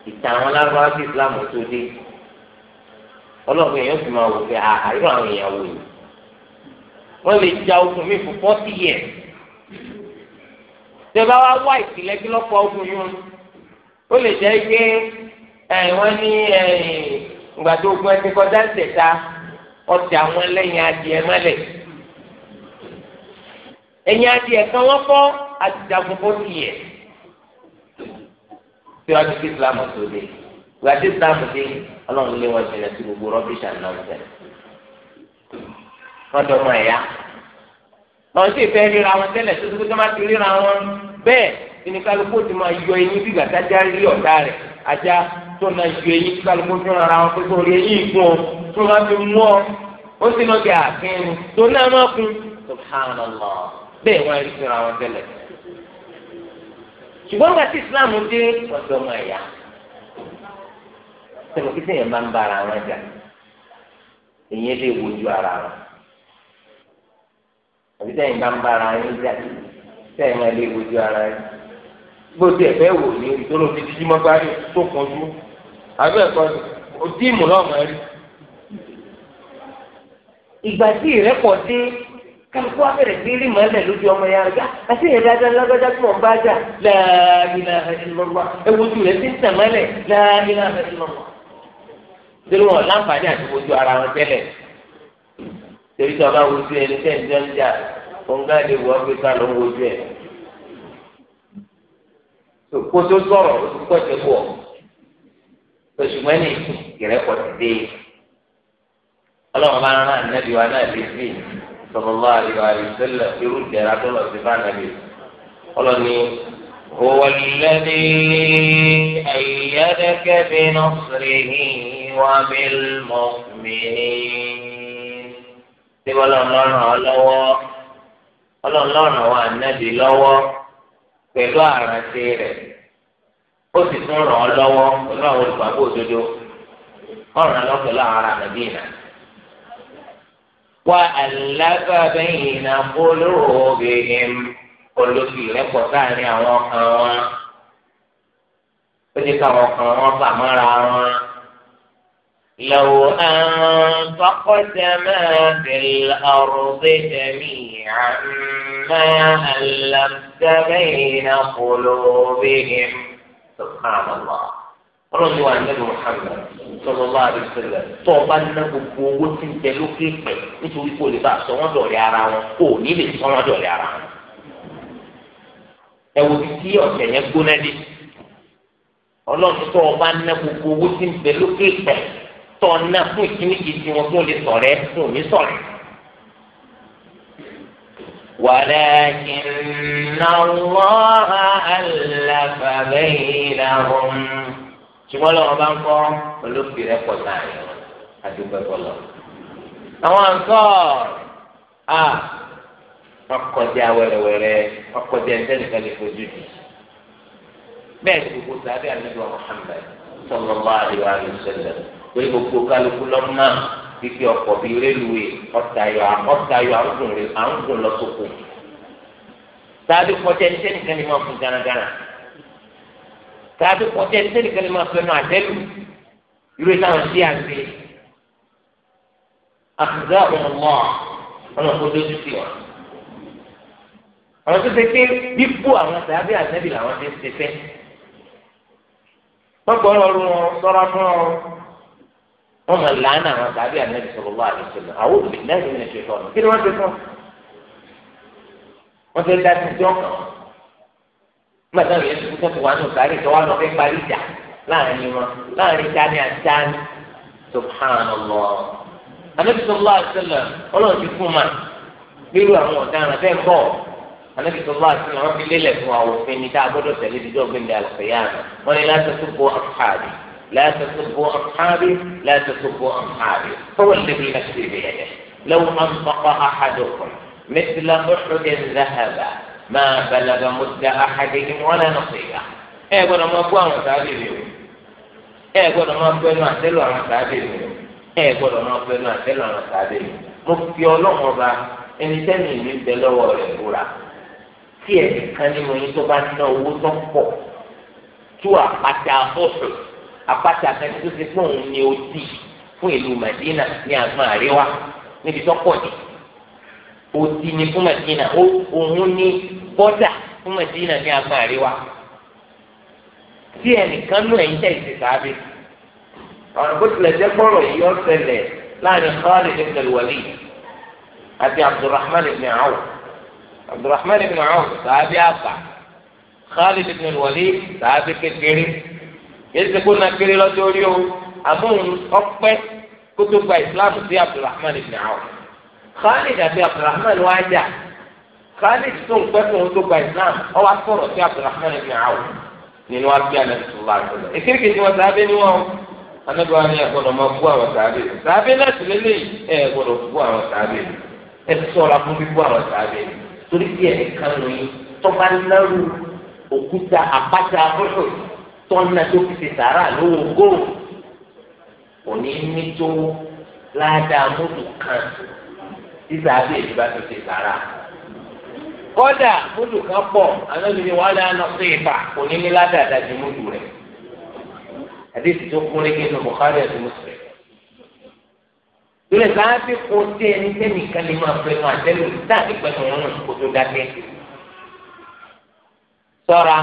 ìtàn àwọn lárúbáwá kí islam tó dé ọlọ́run èèyàn fi máa wò pé àárọ̀ àwọn èèyàn wò yìí wọ́n lè ja ogun mi fún forty years tẹ bá wá wá ìpìlẹ̀ kí lọ́pọ̀ ogun yìí ó lè jẹ́ pé wọ́n ní ìgbàdo ogun ẹni kọjá ń tẹ̀ta ọ̀tẹ̀ àwọn ẹlẹ́yin adìẹ mọ́lẹ̀ ẹ̀yin adìẹ kan wọ́n fọ́ àtìjagun forty years tí wọ́n ti fi Islam tó dé ìgbà tí Islam dé yìí ọlọ́run lé wọn jìnnà sí gbogbo rọ́bìṣà náà tẹ̀. wọ́n dọ̀ ọmọ ẹ̀yà lọ́n sì fẹ́ ríra wọn tẹ́lẹ̀ tó tó tó má ti ríra wọn bẹ́ẹ̀ ìníkàlùkù ti máa yọ eyín bí gbàtájà rí ọ̀tá rẹ̀ ajá tó na ju eyín tí kálukú tó rárá wọn pípọ̀ rí eyín ìgbọ̀n tó máa fi mú ọ ó sì lọ́ọ́ di àkínní tó náà máa kú subhanallah bẹ́ẹ̀ wọ́n rí síra wọn tẹ́lẹ̀. ṣùgbọ́n islam dé ọ̀dọ́ ọmọ sẹ́nu kí sẹ́yìn máa ń bá ara wọn jà èyí lè wojú ara wọn àbí sẹ́yìn bá ń bá ara wọn jà sẹ́yìn máa lè wojú ara wọn gbogbo ẹ̀fẹ́ wò ní ìtòló fi jíjí mọ́ gbárí tó kọjú àbí ẹ̀kọ́ òtí ìmù náà máa rí. ìgbà tí ìrẹ́pọ̀ dé kálukú abẹ́rẹ́ sí rí mọ́lẹ̀ lójú ọmọ yàrá gbá àti ìyẹn dáadáa lágbájá tí wọ́n bá jà láàrin àhàjì lọ́wọ́ ewu ojú rẹ̀ ti ń tẹ̀ mọ́lẹ̀ láàrin àhàjì lọ́wọ́ torí wọn láǹfààní àti ojú ara wọn tẹ́lẹ̀ torí tí wọn bá wojú ẹni tẹ́ ǹjọ́ ń jà ònga lè wọ ọgbẹ́ ká ló ń wojú ẹ̀ kó tó sọ̀rọ̀ ó ti pọ̀ tó pọ̀ oṣùgbọ́n ní ìrẹ́pọ̀ ti dé ọlọ́run bá rán ànábì wa náà lè fi sallallahu alaihi wa sallam irú ìdẹ̀ra tó lọ sí fún ànábì ọlọ́ni. هو الذي أيدك بنصره وبالمؤمنين سوى الله لوى ọlọ́run àwọn ànábì lọ́wọ́ pẹ̀lú àrántí rẹ̀ ó sì tún ràn ọ́ lọ́wọ́ pẹ̀lú àwọn olùgbàgbọ́ òdodo ọ̀ràn lọ́ pẹ̀lú àwọn ará ànábì náà. wá alábàbẹ́yìn náà olóògbéhìn olókì rẹ́pọ̀ sáàrin àwọn ọkàn wọn ó jẹ́ káwọn ọkàn wọn bà mọ́ra wọn. لو أنفقت ما في الأرض جميعا ما ألفت بين قلوبهم سبحان الله رضي عن النبي محمد صلى الله عليه وسلم tọ́ba ná gbogbo owó tí ń tẹ lókè pẹ̀ nítorí kò lè bá aṣọ wọn dọ̀rẹ́ ara wọn kò ní lè sọ wọn dọ̀rẹ́ ara wọn. ẹ wo ti tí ọ̀sẹ̀ yẹn gbóná dé ọlọ́run tọ́ba ná gbogbo owó tí ń tẹ lókè pẹ̀ tọ́ ọ̀nà fún ìkíní kejì wọn tó lè sọ̀rẹ́ tó ní sọ̀rẹ́. ولكن الله ألف بينهم ṣùgbọ́n lọ́wọ́ bá ń kọ́ olófì pọ̀ láàrin àdúgbò ẹ̀kọ́lọ́. àwọn àǹkọ́ à wọ́n kọjá wẹ́rẹ́wẹ́rẹ́ ẹ̀ńtẹ́nìkan lè fojú di. bẹ́ẹ̀ ni gbogbo sábẹ́ àlejò Muhammad sallallahu alaihi wa sallam torí gbogbo kálukú lọ́mọ fífi ọkọ̀ bí rélùwé ọ̀tayọ̀ ọ̀tayọ̀ àǹgùn lọ́sọ̀kù sáájú kọjá ní sẹ́nìkan ní máa fún gánagánà sáájú kọjá ní sẹ́nìkan ní máa fẹ́nu àtẹ́lù irú táwọn sí àgbẹ̀ àfùgá ọmọ ọlọ́kọ̀ lójú sí wọn àwọn tó ṣe pé bíbú àwọn sàábì àtẹ́bì làwọn ti ń ṣe fẹ́ wọ́n gbọ́ wọn máa làánà àwọn tàbí ànábì sallallahu alaihi wasallam àwọn òbí lẹ́yìn mi ṣe tọ̀nù kí ni wọ́n ti fún wọn ti da ti jọ kàn nígbà tí àwọn yẹn ti kúkọ́ tó wà nù sáré tó wà lọ fẹ́ parí ìjà láàrin wọn láàrin tani àti tani subhanallah ànábì sallallahu alaihi wasallam ọlọ́run ti fún ma bírú àwọn ọ̀daràn bẹ́ẹ̀ bọ̀ anabi sọlá àti àwọn fi lélẹ̀ fún àwọn òfin ní tá a gbọ́dọ̀ tẹ̀lé dídọ́gbìn wọn ni láti tó kó àfààní لا تسبوا أصحابي لا تسبوا أصحابي هو الذي نفسي بيده لو أنفق أحدكم مثل أحد ذهبا ما بلغ مد أحدهم ولا نصيبه ẹ gbọ́dọ̀ máa bú àwọn sáábì mi o ẹ gbọ́dọ̀ máa bú ẹnu àtẹ́lù àwọn sáábì mi o ẹ gbọ́dọ̀ máa bú ẹnu àtẹ́lù àwọn sáábì mi mo fi Ọlọ́run ọba ẹni tẹni mi bẹ lọ́wọ́ rẹ̀ búra tí ẹ kan nínú yín tó bá ná owó tó pọ̀ tú àpáta ọsùn apáta kẹsí tó ti fún òun ní odi fún ìlú Madina ní àgbọn àríwá níbi tó pọ̀ jù odi ni fún Madina òun ní bọ́dà fún Madina ní àgbọn àríwá tí ẹnìkan nú ẹ̀yìn tẹ̀ ṣe sáábì ọ̀nà bó tilẹ̀ jẹ́ kọ́rọ̀ yìí ó ṣẹlẹ̀ láàrin Khalid ní al-Walid àti Abdulrahman ibn Awf Abdulrahman ibn Awf sáábì àgbà Khalid ní al-Walid sáábì kékeré. yéé ṣe kó na kéré lọ́jọ́ orí o àmóhùn ọpẹ́ kó tó gba ìsìláàmù sí abdulrahman ibn awf khalid àti abdulrahman wá jà khalid tó ń pẹ́ tó ń tó gba ìsìláàmù ọwọ́ akọ̀rọ̀ sí abdulrahman ibn awf nínú abíyá nàìjíríà tó bá tó lọ èkéèké tí wọn sábẹ́ ni wọn anábẹ́ wọn ni ẹ gbọ́dọ̀ máa àwọn sábẹ́ sábẹ́ náà sì lélẹ́yìí ẹ gbọ́dọ̀ bú àwọn sábẹ́ ẹ ṣọ́ra fún bíbú àwọn sábẹ́ torí bí ẹnìkan lóyún tọ́ba lẹ́rù òkúta àpáta bọ́sọ̀ tọ́nà tó fi ti sàrà lówó góò òní ní tó ládàá mọ́tò kan sísà bí èyí bá fi ti sàrà kọ́dà mọ́tò kan pọ̀ anábì ni wọ́n á dáná sí ibà òní ní ládàá dájú mọ́tò rẹ̀ àdéhùn tó kún lẹ́yìn ní Bukhari àti Muslim lórí sáábì kò dé ẹni tẹ́nìkan lè máa fẹ́ máa tẹ́lẹ̀ táàbì pẹ̀lú wọn kò tó dákẹ́ sọ́ra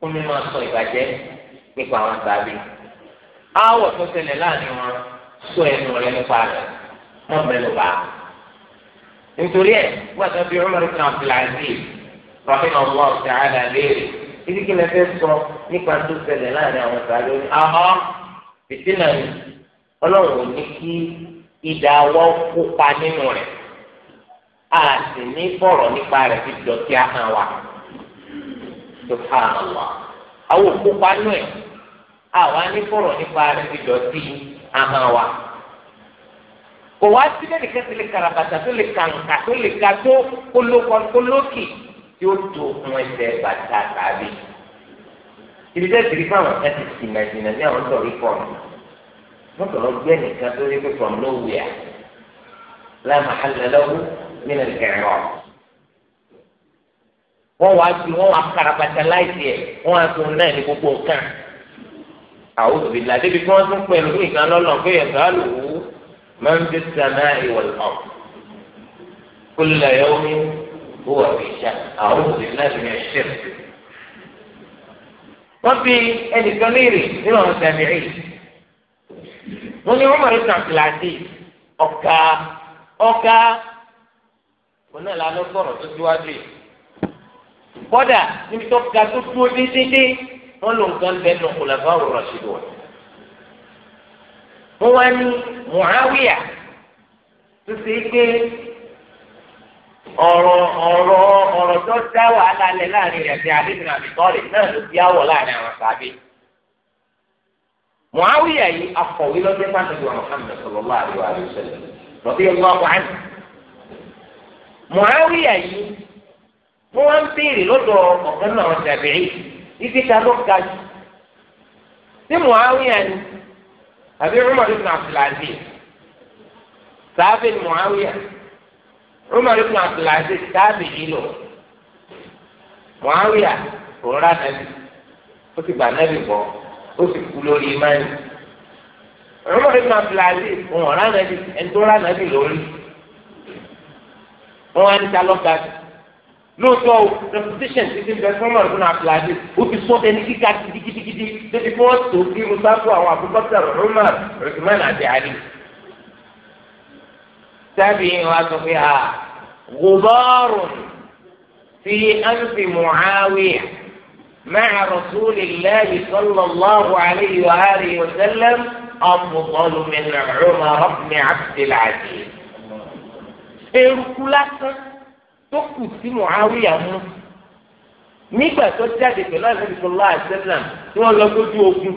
fún mi máa sọ ìbàjẹ́ nípa àwọn tàbí aáwọ̀ tó ṣẹlẹ̀ láàrin wọn sọ ẹnu rẹ nípa rẹ̀ wọ́n mẹ́nu bá a. nítorí ẹ̀ wọ́n àti ọbẹ̀ Umar ibn Abdul Aziz rahimahullah ta'ala léèrè ibi kí lè fẹ́ sọ nípa tó ṣẹlẹ̀ láàrin àwọn tàbí ní ahọ́ fìtínà ni ọlọ́run ò ní kí ìdá wọ́ kópa nínú rẹ̀ a sì ní bọ̀rọ̀ nípa rẹ̀ fi dọ̀tí ahọ́n wa subhanallah àwọn òkúpa nù ẹ̀ àwa ní fọ̀rọ̀ nípa rẹ̀ ti dọ̀tí àmà wa kò wá síbẹ̀ nìkan ti lè karabata tó lè kàǹkà tó lè ga tó olókì tí ó do ohun ẹsẹ̀ bàtà tàbí ibi tẹ́ tìrí fáwọn ẹ̀ ti sì mẹ̀jìnà ní àwọn sọ̀rí fọ̀ọ̀mù wọ́n tọ̀rọ̀ gbé nìkan tó rí pé from nowhere la mahalla lahu min al wọ́n wá ju wọ́n wá karabata láìsí ẹ̀ wọ́n wá tún náà ní gbogbo nǹkan. àwọn òbí la débi kí wọ́n tún pè ní ìgbà lọ́nà pé ẹ̀ka lò ó máa ń fi sàmà ìwọ̀n ọ̀ kó lè yọ omi ó wà fi ṣá àwọn òbí láti ní ẹ̀ṣẹ̀. wọ́n fi ẹnìkan léèrè nínú àwọn sàmìrì. wọ́n ní wọ́n máa ń tàn ọ̀ka ọ̀ka. òun náà la lọ sọ̀rọ̀ tó síwájú yìí kọ́dà níbi tó ga tó dúró déédéé wọ́n lò nǹkan bẹ́ẹ̀ nù khulafa ar-rashidun wọn. wọ́n wá ní Muawiya tó ṣe é pé ọ̀rọ̀ ọ̀rọ̀ ọ̀rọ̀ tó dá wàhálà lẹ̀ láàrin rẹ̀ àti àbíbìnrin àbítọ́rì náà ló fi áwọ̀ láàrin àwọn sàbí. Muawiya yìí akọ̀wé lọ́jọ́ pàtàkì wa Muhammad sallallahu alaihi wa sallam radiyallahu anhu. Muawiya yìí wọ́n wá ń béèrè lọ́dọ̀ ọ̀kan náà tàbírí ibi ta ló ga jù tí Muawiya ni àbí Umar ibn Abdul Aziz sábẹ́ Muawiya Umar ibn Abdul Aziz sábẹ́ yìí lọ Muawiya kò rà nàbì ó ti gbà nàbì bọ̀ ó sì kú lórí imáyì Umar ibn Abdul Aziz òun rà nàbì ẹni tó rà nàbì lórí wọ́n wá ní ta ló jù. lóòótọ́ o reputation ti ti bẹ fún ọmọdún àpilàdé o ti sọ ẹni kíkà gidigidigidi débi kí wọ́n tó kí musafu àwọn abubakar umar usman àti ali. sábìyìn wa sọ pé a gubarun fi anfi muawiya maca rasulillahi sallallahu alayhi wa alihi wa sallam afdalu min umar ibn abdul aziz. eruku lásán. tó kù sí Muawiya mú nígbà tó jáde pẹ̀lú àdébìsọ̀lá àṣẹ́lám tí wọ́n lọ sójú ogun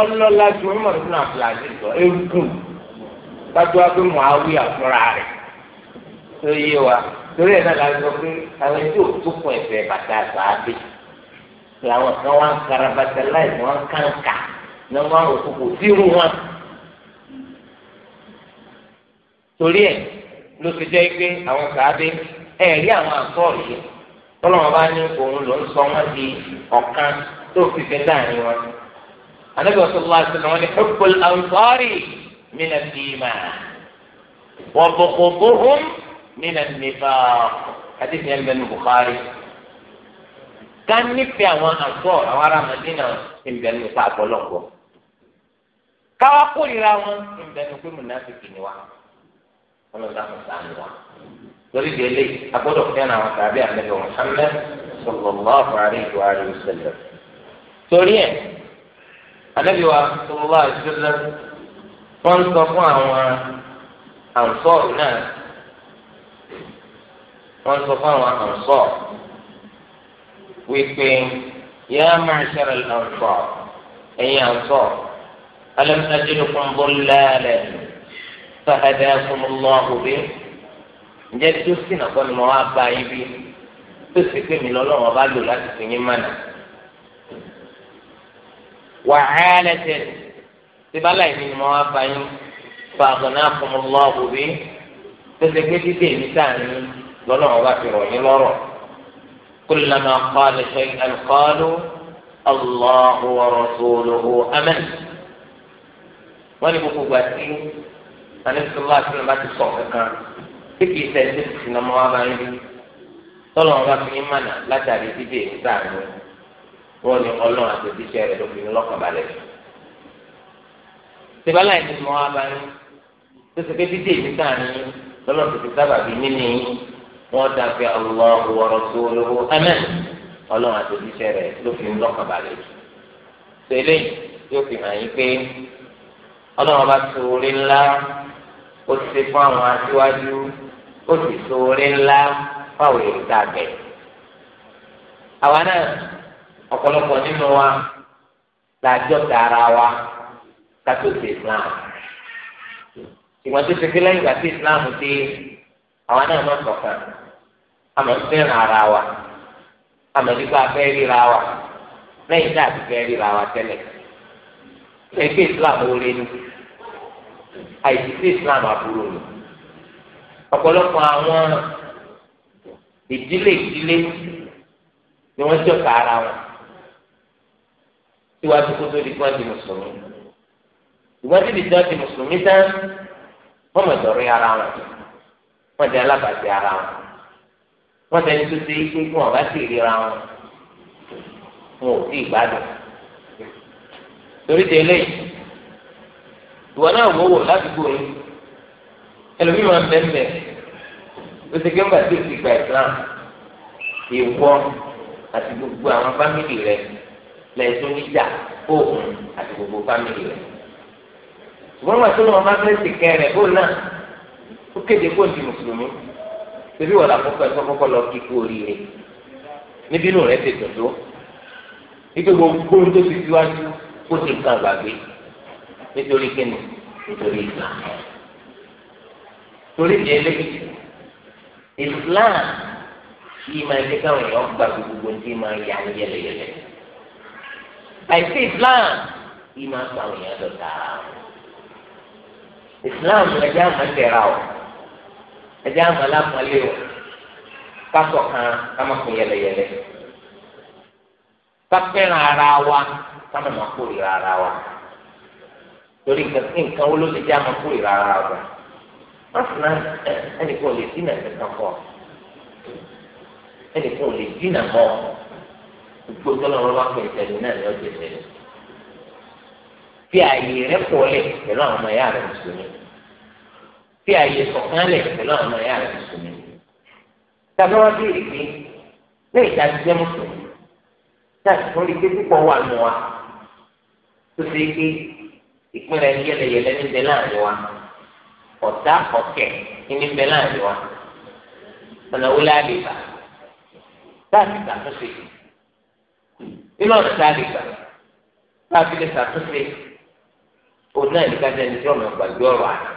ọlọ́lá ju Umar ibn Abdul Aziz sọ eégún gbájú wa pé Muawiya fúnra rẹ̀ tó yé wa torí ẹ̀ náà la sọ pé àwọn ẹni tó kún ẹ̀fẹ̀ bàtà sàábì làwọn kan wá ń kara bàtà láì wọ́n kàǹkà ní wọ́n rò kókò sírù wọn torí ẹ̀ ló ti jẹ́ pé àwọn sàábé ẹ̀ rí àwọn àtọ́ọ̀rù yìí tọ́lọ́wọ́n bá ní òun ló ń sọ wọ́n di ọ̀kan tó fi fi láàrin wọn. ànábì sallallahu alaihi wasallam ní hubbul ansari min al-iman wa bughduhum min an-nifaq àti ìfẹ́ ẹ̀mẹ́nu Bukhari. ká nífẹ̀ẹ́ àwọn àtọ́ àwọn ará Madina ìbẹ̀nu pa àpọ̀lọpọ̀ káwá kórìíra wọn ìbẹ̀nu pé mùnàfíkì ọlọ́dà mọ̀tà ni wà. lórí délé agbọ́dọ̀ fẹ́ràn àwọn tàbí àmẹ́lẹ̀ Muhammad sallallahu alayhi wa sallam. torí ẹ̀ anábì wa sallallahu alayhi wa sallam wọ́n ń sọ fún àwọn ànsọ́ọ̀rù náà wọ́n sọ fún àwọn ànsọ́ọ̀rù wípé yá ma'shar al-ansar ẹ̀yin ànsọ́ọ̀rù alam ajidukum dhallalan. فهداكم الله به ǹjẹ́ tó sì nà kọ́ ni mo wá bá yín bí tó sì pé mi lọ́lọ́wọ́ bá lò láti fi yín mọ̀nà. wàhálà tẹ̀ tí bá láì ní ni mo wá bá yín fa'aghnakum Allahu bi tó sì pé títí èmi sáàní lọ́lọ́wọ́ bá fi rọ̀ yín lọ́rọ̀. kullama qala shay'an qalu Allahu wa rasuluhu aman. wọ́n anisọlá àtúnú bá ti sọ kankan tí kìí sẹ́yìn tí ìnáwó wa máa ń rí tọ́lọ̀ wọn bá fi ń mànà látàrí bíbí èyí sáàánú wọn ni ọlọ́run àti òbíṣẹ́ rẹ̀ ló fi ń lọ́kàn balẹ̀. tìbálà yìí ni wọn bá ń tó ṣe pé bíbí èyí sáàánú lọ́lọ́ tó fi sábà bí níní wọn dàbí Allahu wa rasuluhu amen ọlọ́run àti òbíṣẹ́ rẹ̀ ló fi ń lọ́kàn balẹ̀. sẹ́lẹ̀ yóò fi hàn yín pé ọlọ́run bá tó orí ńlá ó ti fún àwọn aṣíwájú ó sì so orin ńlá fáwọn èrò tá a àwa náà ọ̀pọ̀lọpọ̀ nínú wa làjọ tààrà wa kátó ti Islam ìwọ̀n tó ti fi lẹ́yìn ìgbà tí Islam ti àwa náà máa sọ̀kan àmọ́ fẹ́ràn ara wa àmọ́ nípa fẹ́ ríra wa lẹ́yìn náà ti fẹ́ ríra wa tẹ́lẹ̀ ẹgbẹ́ Islam wọlé ni àìsísí islam àbúrò ni ọ̀pọ̀lọpọ̀ àwọn ìdílé ìdílé ni wọ́n jọ̀ka ara wọn síwájú kó tó di kí wọ́n di mùsùlùmí ìwádìí ìdílé wọn di mùsùlùmí tán wọ́n mọ̀ dọ̀rẹ́ ara wọn wọ́n di alábàáṣe ara wọn wọ́n tẹni tó ṣe ike kí wọ́n bá sì ríra wọn wọn ò tí ì gbádùn torí délé yìí ìwọ náà mọ̀ wò ládùúgbò yìí ẹlòmíì máa ń bẹ́ẹ̀ bẹ́ẹ̀ ó ti gbé mbàtí ti gba Islam ìwọ àti gbogbo àwọn fámìlì rẹ lẹ́ẹ̀tún níjà òògùn àti gbogbo fámìlì rẹ ṣùgbọ́n wà tó lọ́wọ́ bá fẹ́ẹ́ sì kẹrẹ̀ bó náà ó kéde kó di mùsùlùmí ṣebí wọ́n làkọ́kọ́ ẹ̀kọ́ kọ́kọ́ lọ kí kú oríire níbí inú ti dùn tó wípé gbogbo ohun tó ti fi wájú ó ti kàn gbàgbé nítorí kíni nítorí ìgbà torí di eléyìí Islam yìí máa ní káwọn èèyàn gba gbogbo ní ti máa yà ní yẹlẹyẹlẹ àìsí Islam yìí máa gba àwọn èèyàn dọ̀tà Islam ẹjẹ́ àmọ́ tẹ̀ra o ẹjẹ́ àmọ́ alápọ̀nlé o kásọ̀ kan ká má fún yẹlẹyẹlẹ ká fẹ́ràn ara wa ká má kórìíra ara wa torí nǹkan wo ló ti já máa kúrò rárá ọgbà pásítọ̀ ẹnìkan ò lè dínà kankan kọ ẹnìkan ò lè dínà mọ́ gbogbo tó lọ́wọ́ bá pè ìtẹ̀lé náà ni ó ti tẹ̀lé fi àyè rẹ pọ̀lẹ̀ pẹ̀lú àwọn ọmọ ẹ̀yà rẹ mùsùlùmí fi àyè sọ̀kánlẹ̀ pẹ̀lú àwọn ọmọ ẹ̀yà rẹ mùsùlùmí tàbí wọn bí rèé lẹ́yìn tá a ti jẹ́ mùsùlùmí tá a ti fún rí púpọ̀ wà nù wa tó ṣe é ìpínlẹ̀ yẹlẹyẹlẹ ní bẹ láàrin wa ọ̀tá ọ̀kẹ́ ní bẹ láàrin wa ọ̀nà wo la lè gbà táàbì ṣàtúnṣe nínú ọ̀nà tá a lè gbà táàbì lè ṣàtúnṣe òun náà ní kájá ní tí ọ̀nà gbàgbé ọ̀rọ̀ àná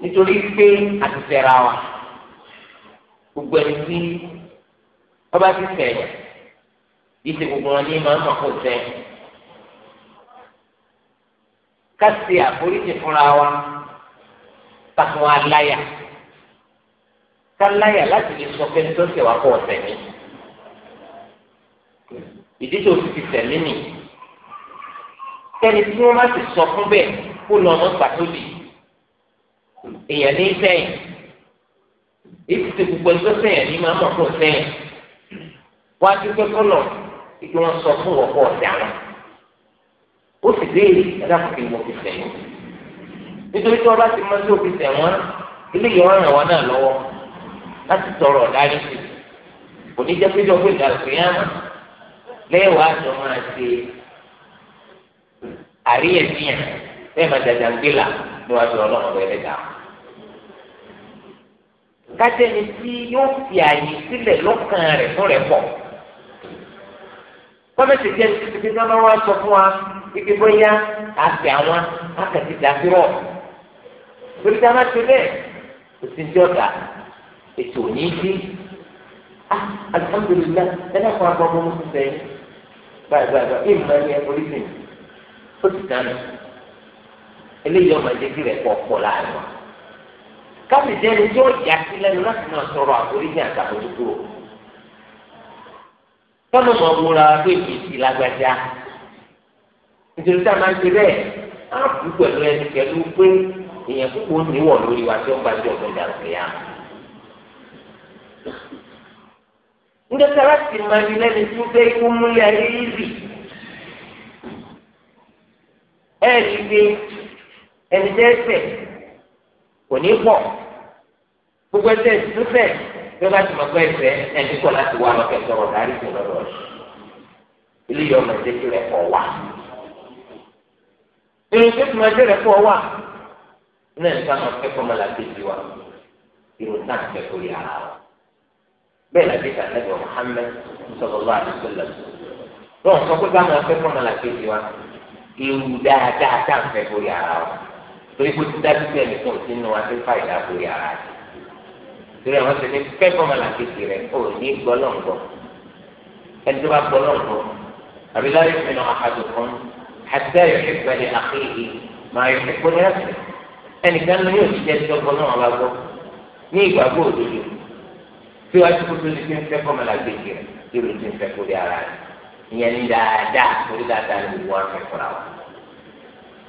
nítorí pé àtìsẹ́ra wa gbogbo ẹni tí wọ́n ti sẹ̀yìn yìí wọn ní máa ń mọ̀ sẹ́yìn kásì àforíjì fúnra wa táwọn aláyà káláyà láti lè sọ pé nítorí ṣe wá kọ ọ̀sẹ̀ mi ìdí tó fi tẹ̀lé mi kẹ́ni tí wọ́n bá ti sọ fún bẹ́ẹ̀ kó lọ ọmọ pàtó bì èèyàn ní sẹ́yìn èyí ti gbogbo ẹgbẹ́ sẹ́yìn ní máa mọ̀ fún sẹ́yìn wọ́n á dúpẹ́ kọ́lọ̀ kí wọ́n sọ fún ọkọ̀ ọ̀sẹ̀ àwọn ó sì béèrè ẹ̀dá kò kí n lọ fi sẹ̀wọ́n nítorí tí wọ́n bá ti mọ sí òfin sẹ̀wọ́n eléyìí wọ́n ràn wọ́n náà lọ́wọ́ láti tọrọ ọ̀dárí sí kò ní jẹ́ péjọ pé ìdàgbé yá mà lẹ́wàá àjọ máa ṣe àríyànjiyàn bẹ́ẹ̀ máa jàjàngbìlà níwájú ọlọ́run ọ̀rọ̀ ẹ̀dá kájẹ́ni tí yóò fi àyè sílẹ̀ lọ́kàn rẹ̀ fún rẹ̀ pọ̀ kọ́mẹ́tì jẹ́ títí tí wọ́n bá wá sọ fún wa ibi bóyá àti àwọn akẹ́tì dàbírọ̀ torí tá a máa ṣe bẹ́ẹ̀ kò sí ní ọ̀dà ètò òní dí ah, alihamudulilayi ẹni àwọn akọ ọmọ mọtò sẹ́yìn báyìí báyìí báyìí ìmọ̀ ẹni ẹkọ lè sìn ó ti dáná eléyìí ọmọ ẹdẹ kiri ẹkọ ọ̀pọ̀ láàrin wa káfíńtì ẹni tí ó yà sí lẹ́nu láti máa sọ̀rọ̀ àforíjì àtàkùn tó kúrò tọ́nà wúra pé èyí ti lágbájá nítorí tá a máa ń ṣe bẹ́ẹ̀ á bù pẹ̀lú ẹni pẹ̀lú pé èèyàn púpọ̀ níwọ̀n lórí wa tí ó gba sí ọ̀gbẹ́ ìdàgbé yá. nígbà tí ara ti máa di lẹ́ni tí ó fẹ́ ikú múlẹ̀ ayé yìí ẹ̀ ti gbé ẹni dẹ́sẹ̀ kò ní pọ̀ gbogbo ẹsẹ̀ tó fẹ̀ bí wọ́n bá ti mọ̀ pé ẹsẹ̀ ẹni kọ́ láti wá lọ́kẹ́ sọ̀rọ̀ dárí sí lọ́dọ̀ ọ̀ṣun ilé yọ̀ọ́ mọ̀ ẹ̀dẹ́kẹ̀rẹ̀ kọ̀ wá irun tó ti máa jẹ́rẹ̀ fún ọ wà náà nǹkan máa fẹ́ kọ́mọ la tẹ̀sí wa irun náà fẹ́ kórè ara wa bẹ́ẹ̀ la bíkà nàbẹ̀ wa Muhammad sallallahu alaihi wasallam lọ́wọ́ sọ pé báwọn fẹ́ kọ́mọ la tẹ̀sí wa irun dáadáa tá à ń fẹ́ kórè ara torí kó ti dájú pé ẹnì kan ò wa tó fà ìdá kórè torí àwọn sọ pé fẹ́ kọ́mọ la tẹ̀sí rẹ̀ ò ní gbọ́lọ́ngbọ́ ẹni tó bá gbọ́lọ́ngbọ́ àbí láyé fún mi náà حتى يحب لأخيه ما يحب لنفسه ẹnì kan ní yóò ti jẹ ẹjọ́ gbọ́n náà wá gbọ́ ní ìgbàgbọ́ òdodo tí wàá ti kótó ti ń fẹ́ kọ́ mọ́lá gbèjì rẹ̀ tí o ti ń fẹ́ kórè ara rẹ̀ ìyẹn ní dáadáa torí dáadáa ní gbogbo wọn fẹ́ kọ́ra wa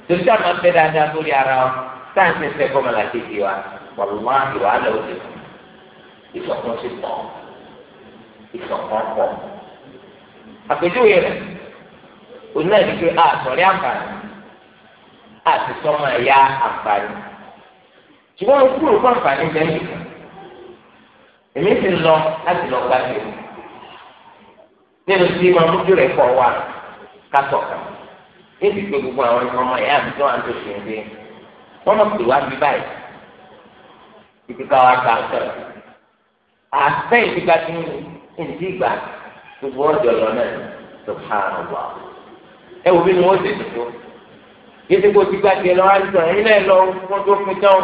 torí táwọn máa ń fẹ́ dáadáa torí ara wa táà ń ti ń fẹ́ kọ́ mọ́lá gbèjì wa wàlúwà ìwà àlọ́ òde ìṣọ̀kan ti pọ̀ ìṣọ̀kan pọ̀ àpèjúwe rẹ̀ òun náà ti fi àtọ̀rí àǹfààní àti sọ́mọ ẹ̀yà àǹfààní ṣùgbọ́n mo kúrò fún àǹfààní bẹ́ẹ̀ èmi ti lọ láti lọ gbá tèmi nínú tí màá mójú rẹ̀ pọ̀ wá kátọ̀ kan níbi pé gbogbo àwọn ọmọ ẹ̀yà mi tó wà ń tó ṣe ń dé wọ́n mọ̀ pé wá bí báyìí ìpínká wa ta ọ̀sẹ̀ àfẹ́ ìpínká tí ń ti gbà gbogbo ọ̀dọ̀ lọ náà subhanallah ẹ wò bí ni wọ́n ṣe dìbò yíṣẹ́ kó ti gbàgbé lọ àìsàn ẹ̀yin náà lọ wọ́n tó fi tán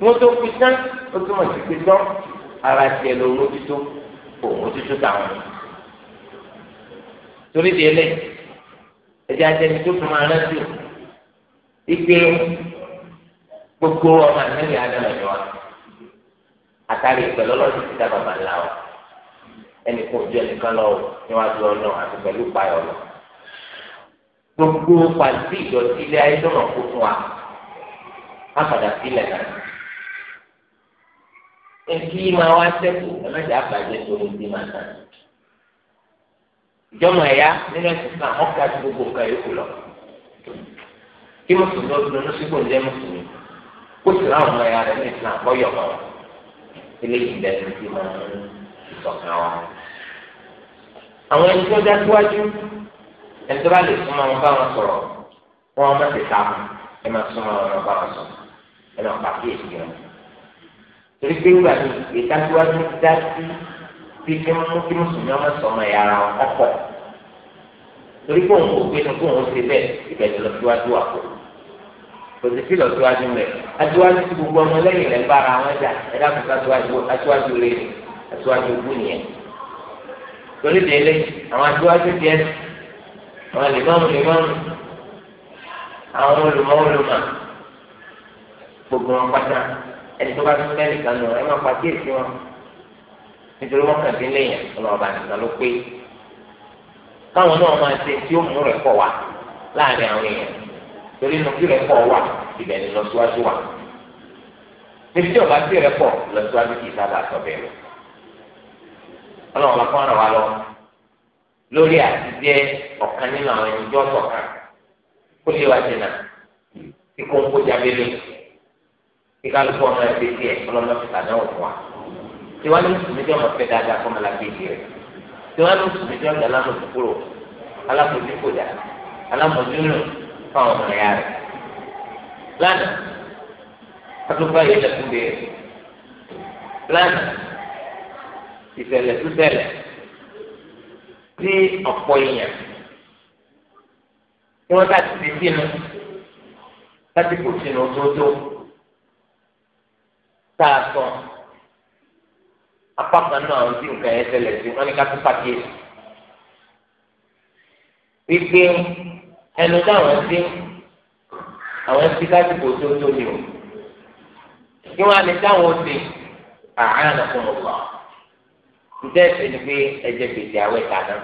wọ́n tó fi tán ó túmọ̀ sí pé tán ara tiẹ̀ lọ owó tító òun tító táwọn torí di ẹlẹ́yìn ẹ̀jẹ̀ ajẹ́ni tó tún máa rántí ìgbé gbogbo ọmọ àtẹ́lẹ̀ adámẹ́jọ wa àtàrí ìpẹ́lú ọlọ́run ti dá bàbá ńlá wa ẹnì kan ojú ẹnìkan lọ́wọ́ níwájú ọlọ́run àti pẹ̀lú ìpayọ̀ lọ́wọ́ gbogbo pàṣẹ ìdọ̀tí ilé ayé lọ́nà kó fún wa á padà sílẹ̀ náà. Èkì máa wá sẹ́kù ẹ̀mẹ́jọ àbàjẹ́ torí ti máa tán. Ìjọ́mọ̀ ẹ̀yá nínú ẹ̀sìn náà wọ́n ká sí gbogbo nǹkan yòókù lọ. Kí Mùsùlùmí ó dunu sípò ń jẹ́ Mùsùlùmí. Kó sì ráhùn ọmọ ẹ̀yà rẹ̀ ní ìsìn àkọ́yọ̀ mọ́. Eléyìí lẹ́nu ti máa ń ìsọ̀kan wa. Àwọn ẹni tó dá síwájú ẹtọ́ bá lè súnmọ́ wọn bá wọn sọ̀rọ̀ wọn má ti ta wọn ẹ má súnmọ́ wọn bá wọn sọ̀rọ̀ ẹ má pa kí èsì wọn. torí pé wíwà ní ìtàkùwájú dá sí fífi mú kí mùsùlùmí ọmọ sọmọ ẹ̀yà ara wọn kọ́kọ́ torí pé òun kò gbénu kó òun ṣe bẹ́ẹ̀ ìbẹ̀rẹ̀ lọ síwájú àpò kò sì sí lọ síwájú rẹ̀ aṣíwájú tí gbogbo ọmọ lẹ́yìn rẹ̀ ń bára wọn jà ẹ dákun aṣíwájú rẹ̀ aṣíwájú ogún nìyẹn torí àwọn lèmọ́mù lèmọ́mù àwọn olùmọ̀ olùmọ̀ gbogbo wọn pátá ẹni tó bá tún bẹ́ẹ̀ nìkan nù ẹ máa pa kéèsì wọn nítorí wọn kàn sí lẹ́yìn ọlọ́ọ̀bà nìkan ló pé káwọn náà máa ṣe tí ó mú rẹ̀ pọ̀ wá láàrin àwọn èèyàn torí inú kí rẹ̀ pọ̀ wá ibẹ̀ ni lọ́síwájú wà níbi tí ọba sí rẹ̀ pọ̀ lọ́síwájú kì í sábà sọ bẹ́ẹ̀ lọ ọlọ́run bá fọ́nrán wa lọ lórí àti jẹ́ ọ̀kan nínú àwọn ẹni jọ́ sọ̀kan kó lè wá jìnnà tí kò ń kó jábélé kí kálukú ọmọ ẹgbẹ́ tiẹ̀ ọlọ́mọ ti tà náà fún wa tí wọ́n ní mùsùlùmí tí ọmọ fẹ́ dáadáa fún ọmọlágbèjì rẹ̀ tí wọ́n ní mùsùlùmí tí ọmọ alámọ̀tò kúrò alámọ̀tò kòjà alámọ̀tò nù fáwọn ọmọ ẹ̀yà rẹ̀ lánàá kátólíkà yìí lẹ́kùn bẹ́ẹ̀ lánàá ìṣẹ̀lẹ̀ sí ọ̀pọ̀ èèyàn kí wọ́n bá ti ti sínú láti kò sínú tótó tá a sọ apá kan náà àwọn tí nǹkan yẹn ṣẹlẹ̀ sí wọ́n ní ká tó pàkíyèsí wípé ẹnu táwọn sí àwọn sí láti kò tótó ni o kí wọ́n á lè dáwọn sí àárín àkọmọ̀gbọ̀n ntẹ ẹsẹ ni pé ẹjẹ gbèsè awẹ kaná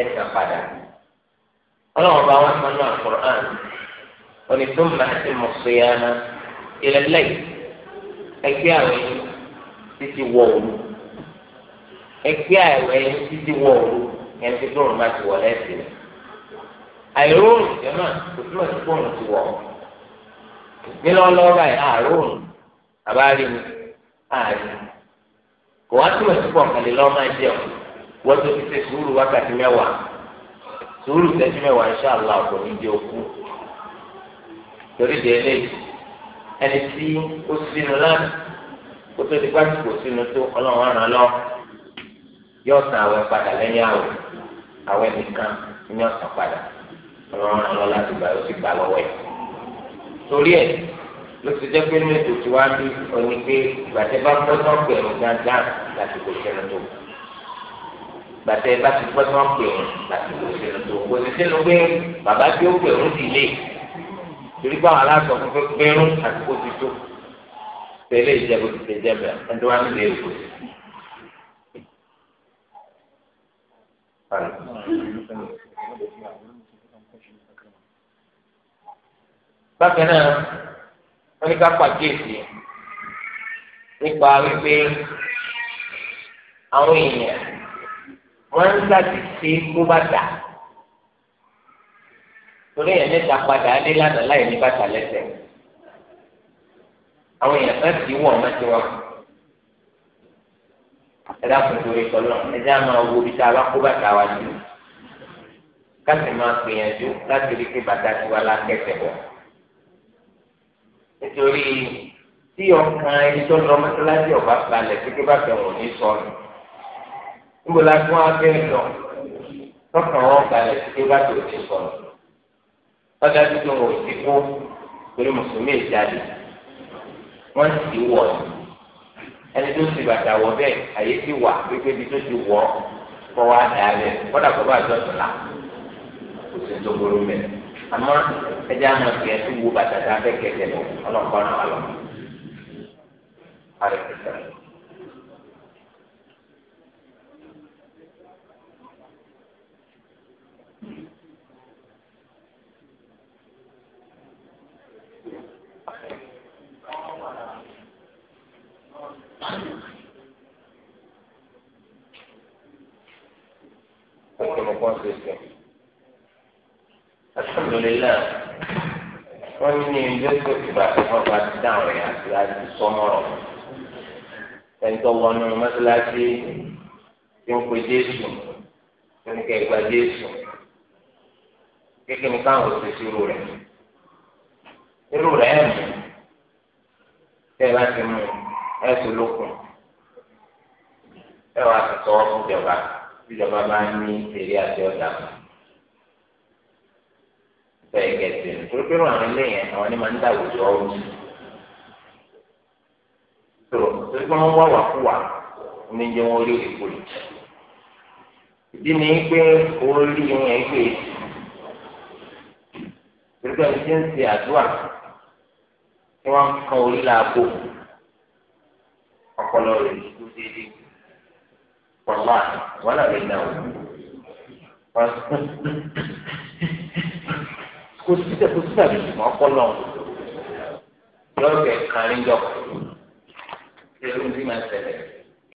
ẹsẹ padà ọlọ́run bá wọn mọnú àkùrán òní tó máa ti mọ sọyàmá ìrẹ̀lẹ̀ ẹgbẹ́ àwọn ẹni títí wọ òru ẹgbẹ́ àwọn ẹni títí wọ òru yẹn ti tó òrùn bá ti wọ lẹsìn àìróòrùn jẹmọ kò túmọ̀ sí pé ti wọ nílọ́ọ̀lọ́ọ̀ báyìí àìróòrùn àbárí ni àárín kò wá túmọ̀ sí pọ̀ kàlẹ́ lọ́wọ́ máa jẹ́ ọ wọ́n tó ti ṣe sùúrù wákàtí mẹ́wàá sùúrù tẹ́jú mẹ́wàá inṣàlá ọ̀pọ̀ níbi òkú torí di eléyìí ẹni tí ó sínú lánàá kó tó di pásítọ̀ sínú tó ọlọ́run àràn lọ yóò san àwẹ̀ padà lẹ́yìn àwẹ̀ àwẹ̀ nìkan ní ọ̀sán padà ọlọ́run àràn lọ láti gbà ó sì gbà lọ́wọ́ ẹ̀ torí ẹ̀ ló ti jẹ́ pé ní ètò tí wàá bí ọ̀nì pé gbàtẹ́ bá gbọ́ tó ń pè ọ́ gángan láti kò sẹ́nu tó gbàtẹ́ bá ti gbọ́ tó ń pè ọ́ láti kò sẹ́nu tó kò sì sínú pé bàbá tí ó pè ọ́ sì lè torí pé àwọn aláṣọ fúnfẹ́ pẹ́rún àti kó ti tó tẹ́lẹ̀ ìjẹ́bù ti tẹ́ jẹ́ bẹ́ẹ̀ ẹni tó wá nílé èkó. bákan náà wọ́n ní ká pàkíyèsí nípa wípé àwọn èèyàn wọ́n ń láti ṣe kó bá dà torí èèyàn mẹ́ta padà dé lánàá láì ní bàtà lẹ́sẹ̀ àwọn èèyàn kan ti wọ̀ ọmọ tiwọn ẹ̀dá kòtòrè tọ́lọ́ ẹ̀dá máa wo ibi tá a bá kó bàtà wa sí ká sì máa gbìyànjú láti rí pé bàtà tiwa la kẹsẹ̀ wọ̀ nítorí tí ọkàn ẹni tó lọ mọ́sálásí ọba balẹ̀ kékeré bá fẹ́ wọ̀ ní sọ́ọ̀nù níbo la fún abẹ́ lọ tọkàn wọn balẹ̀ kékeré bá fẹ́ wọ̀ ní sọ́ọ̀nù ọjà tuntun wò sí kú torí mùsùlùmí ìjáde wọ́n sì wọ̀ ẹni tó sì bàtà wọ̀ bẹ́ẹ̀ àyè ti wà pépé bí tó ti wọ̀ kọ́ wa dà kọ́dà kọ́ bá jọ tó la kò sí tó burú mẹ́rin àmọ́ ẹjẹ àmọ́ tiẹ̀ tó wo bàtà tá a fẹ́ kẹsẹ̀ lọ ọlọ́pàá náà wà lọ. Thank you alhamdulilayi wọn ní ìjọ tó ti bá wọn bá ti dáhùn rẹ àti láti sọmọrọ ẹnitọ wọnú mọ́sálásí tí ń pe jésù tó ní kẹgbà jésù kékeré káwọn ti sírò rẹ irú rẹ ẹ mú tẹ ẹ bá ti mú ẹ tó lókun ẹ wàá ti sọ fún ìjọba ìjọba bá ní èrè àti ọjà kan fẹ́ẹ́ gẹ̀ẹ́sì nítorí pé àwọn eléyẹn àwọn ni máa ń dà wùjọ ọ́ jù tó torí pé wọ́n wá wà fún wa ní jẹ́ wọ́n rí èkó yìí ìdí ni pé orí yẹn gbé torí pé ẹni tí ń ṣe àdúrà tí wọ́n ń kan orí làákò ọpọlọ rẹ̀ ló déédéé pọ̀lá wọn náà lè nà ó kò sí tẹ kò sí tàbí ṣùgbọ́n ọpọlọ yọ̀ọ̀kẹ̀ kan níjọ bí máa ṣẹlẹ̀.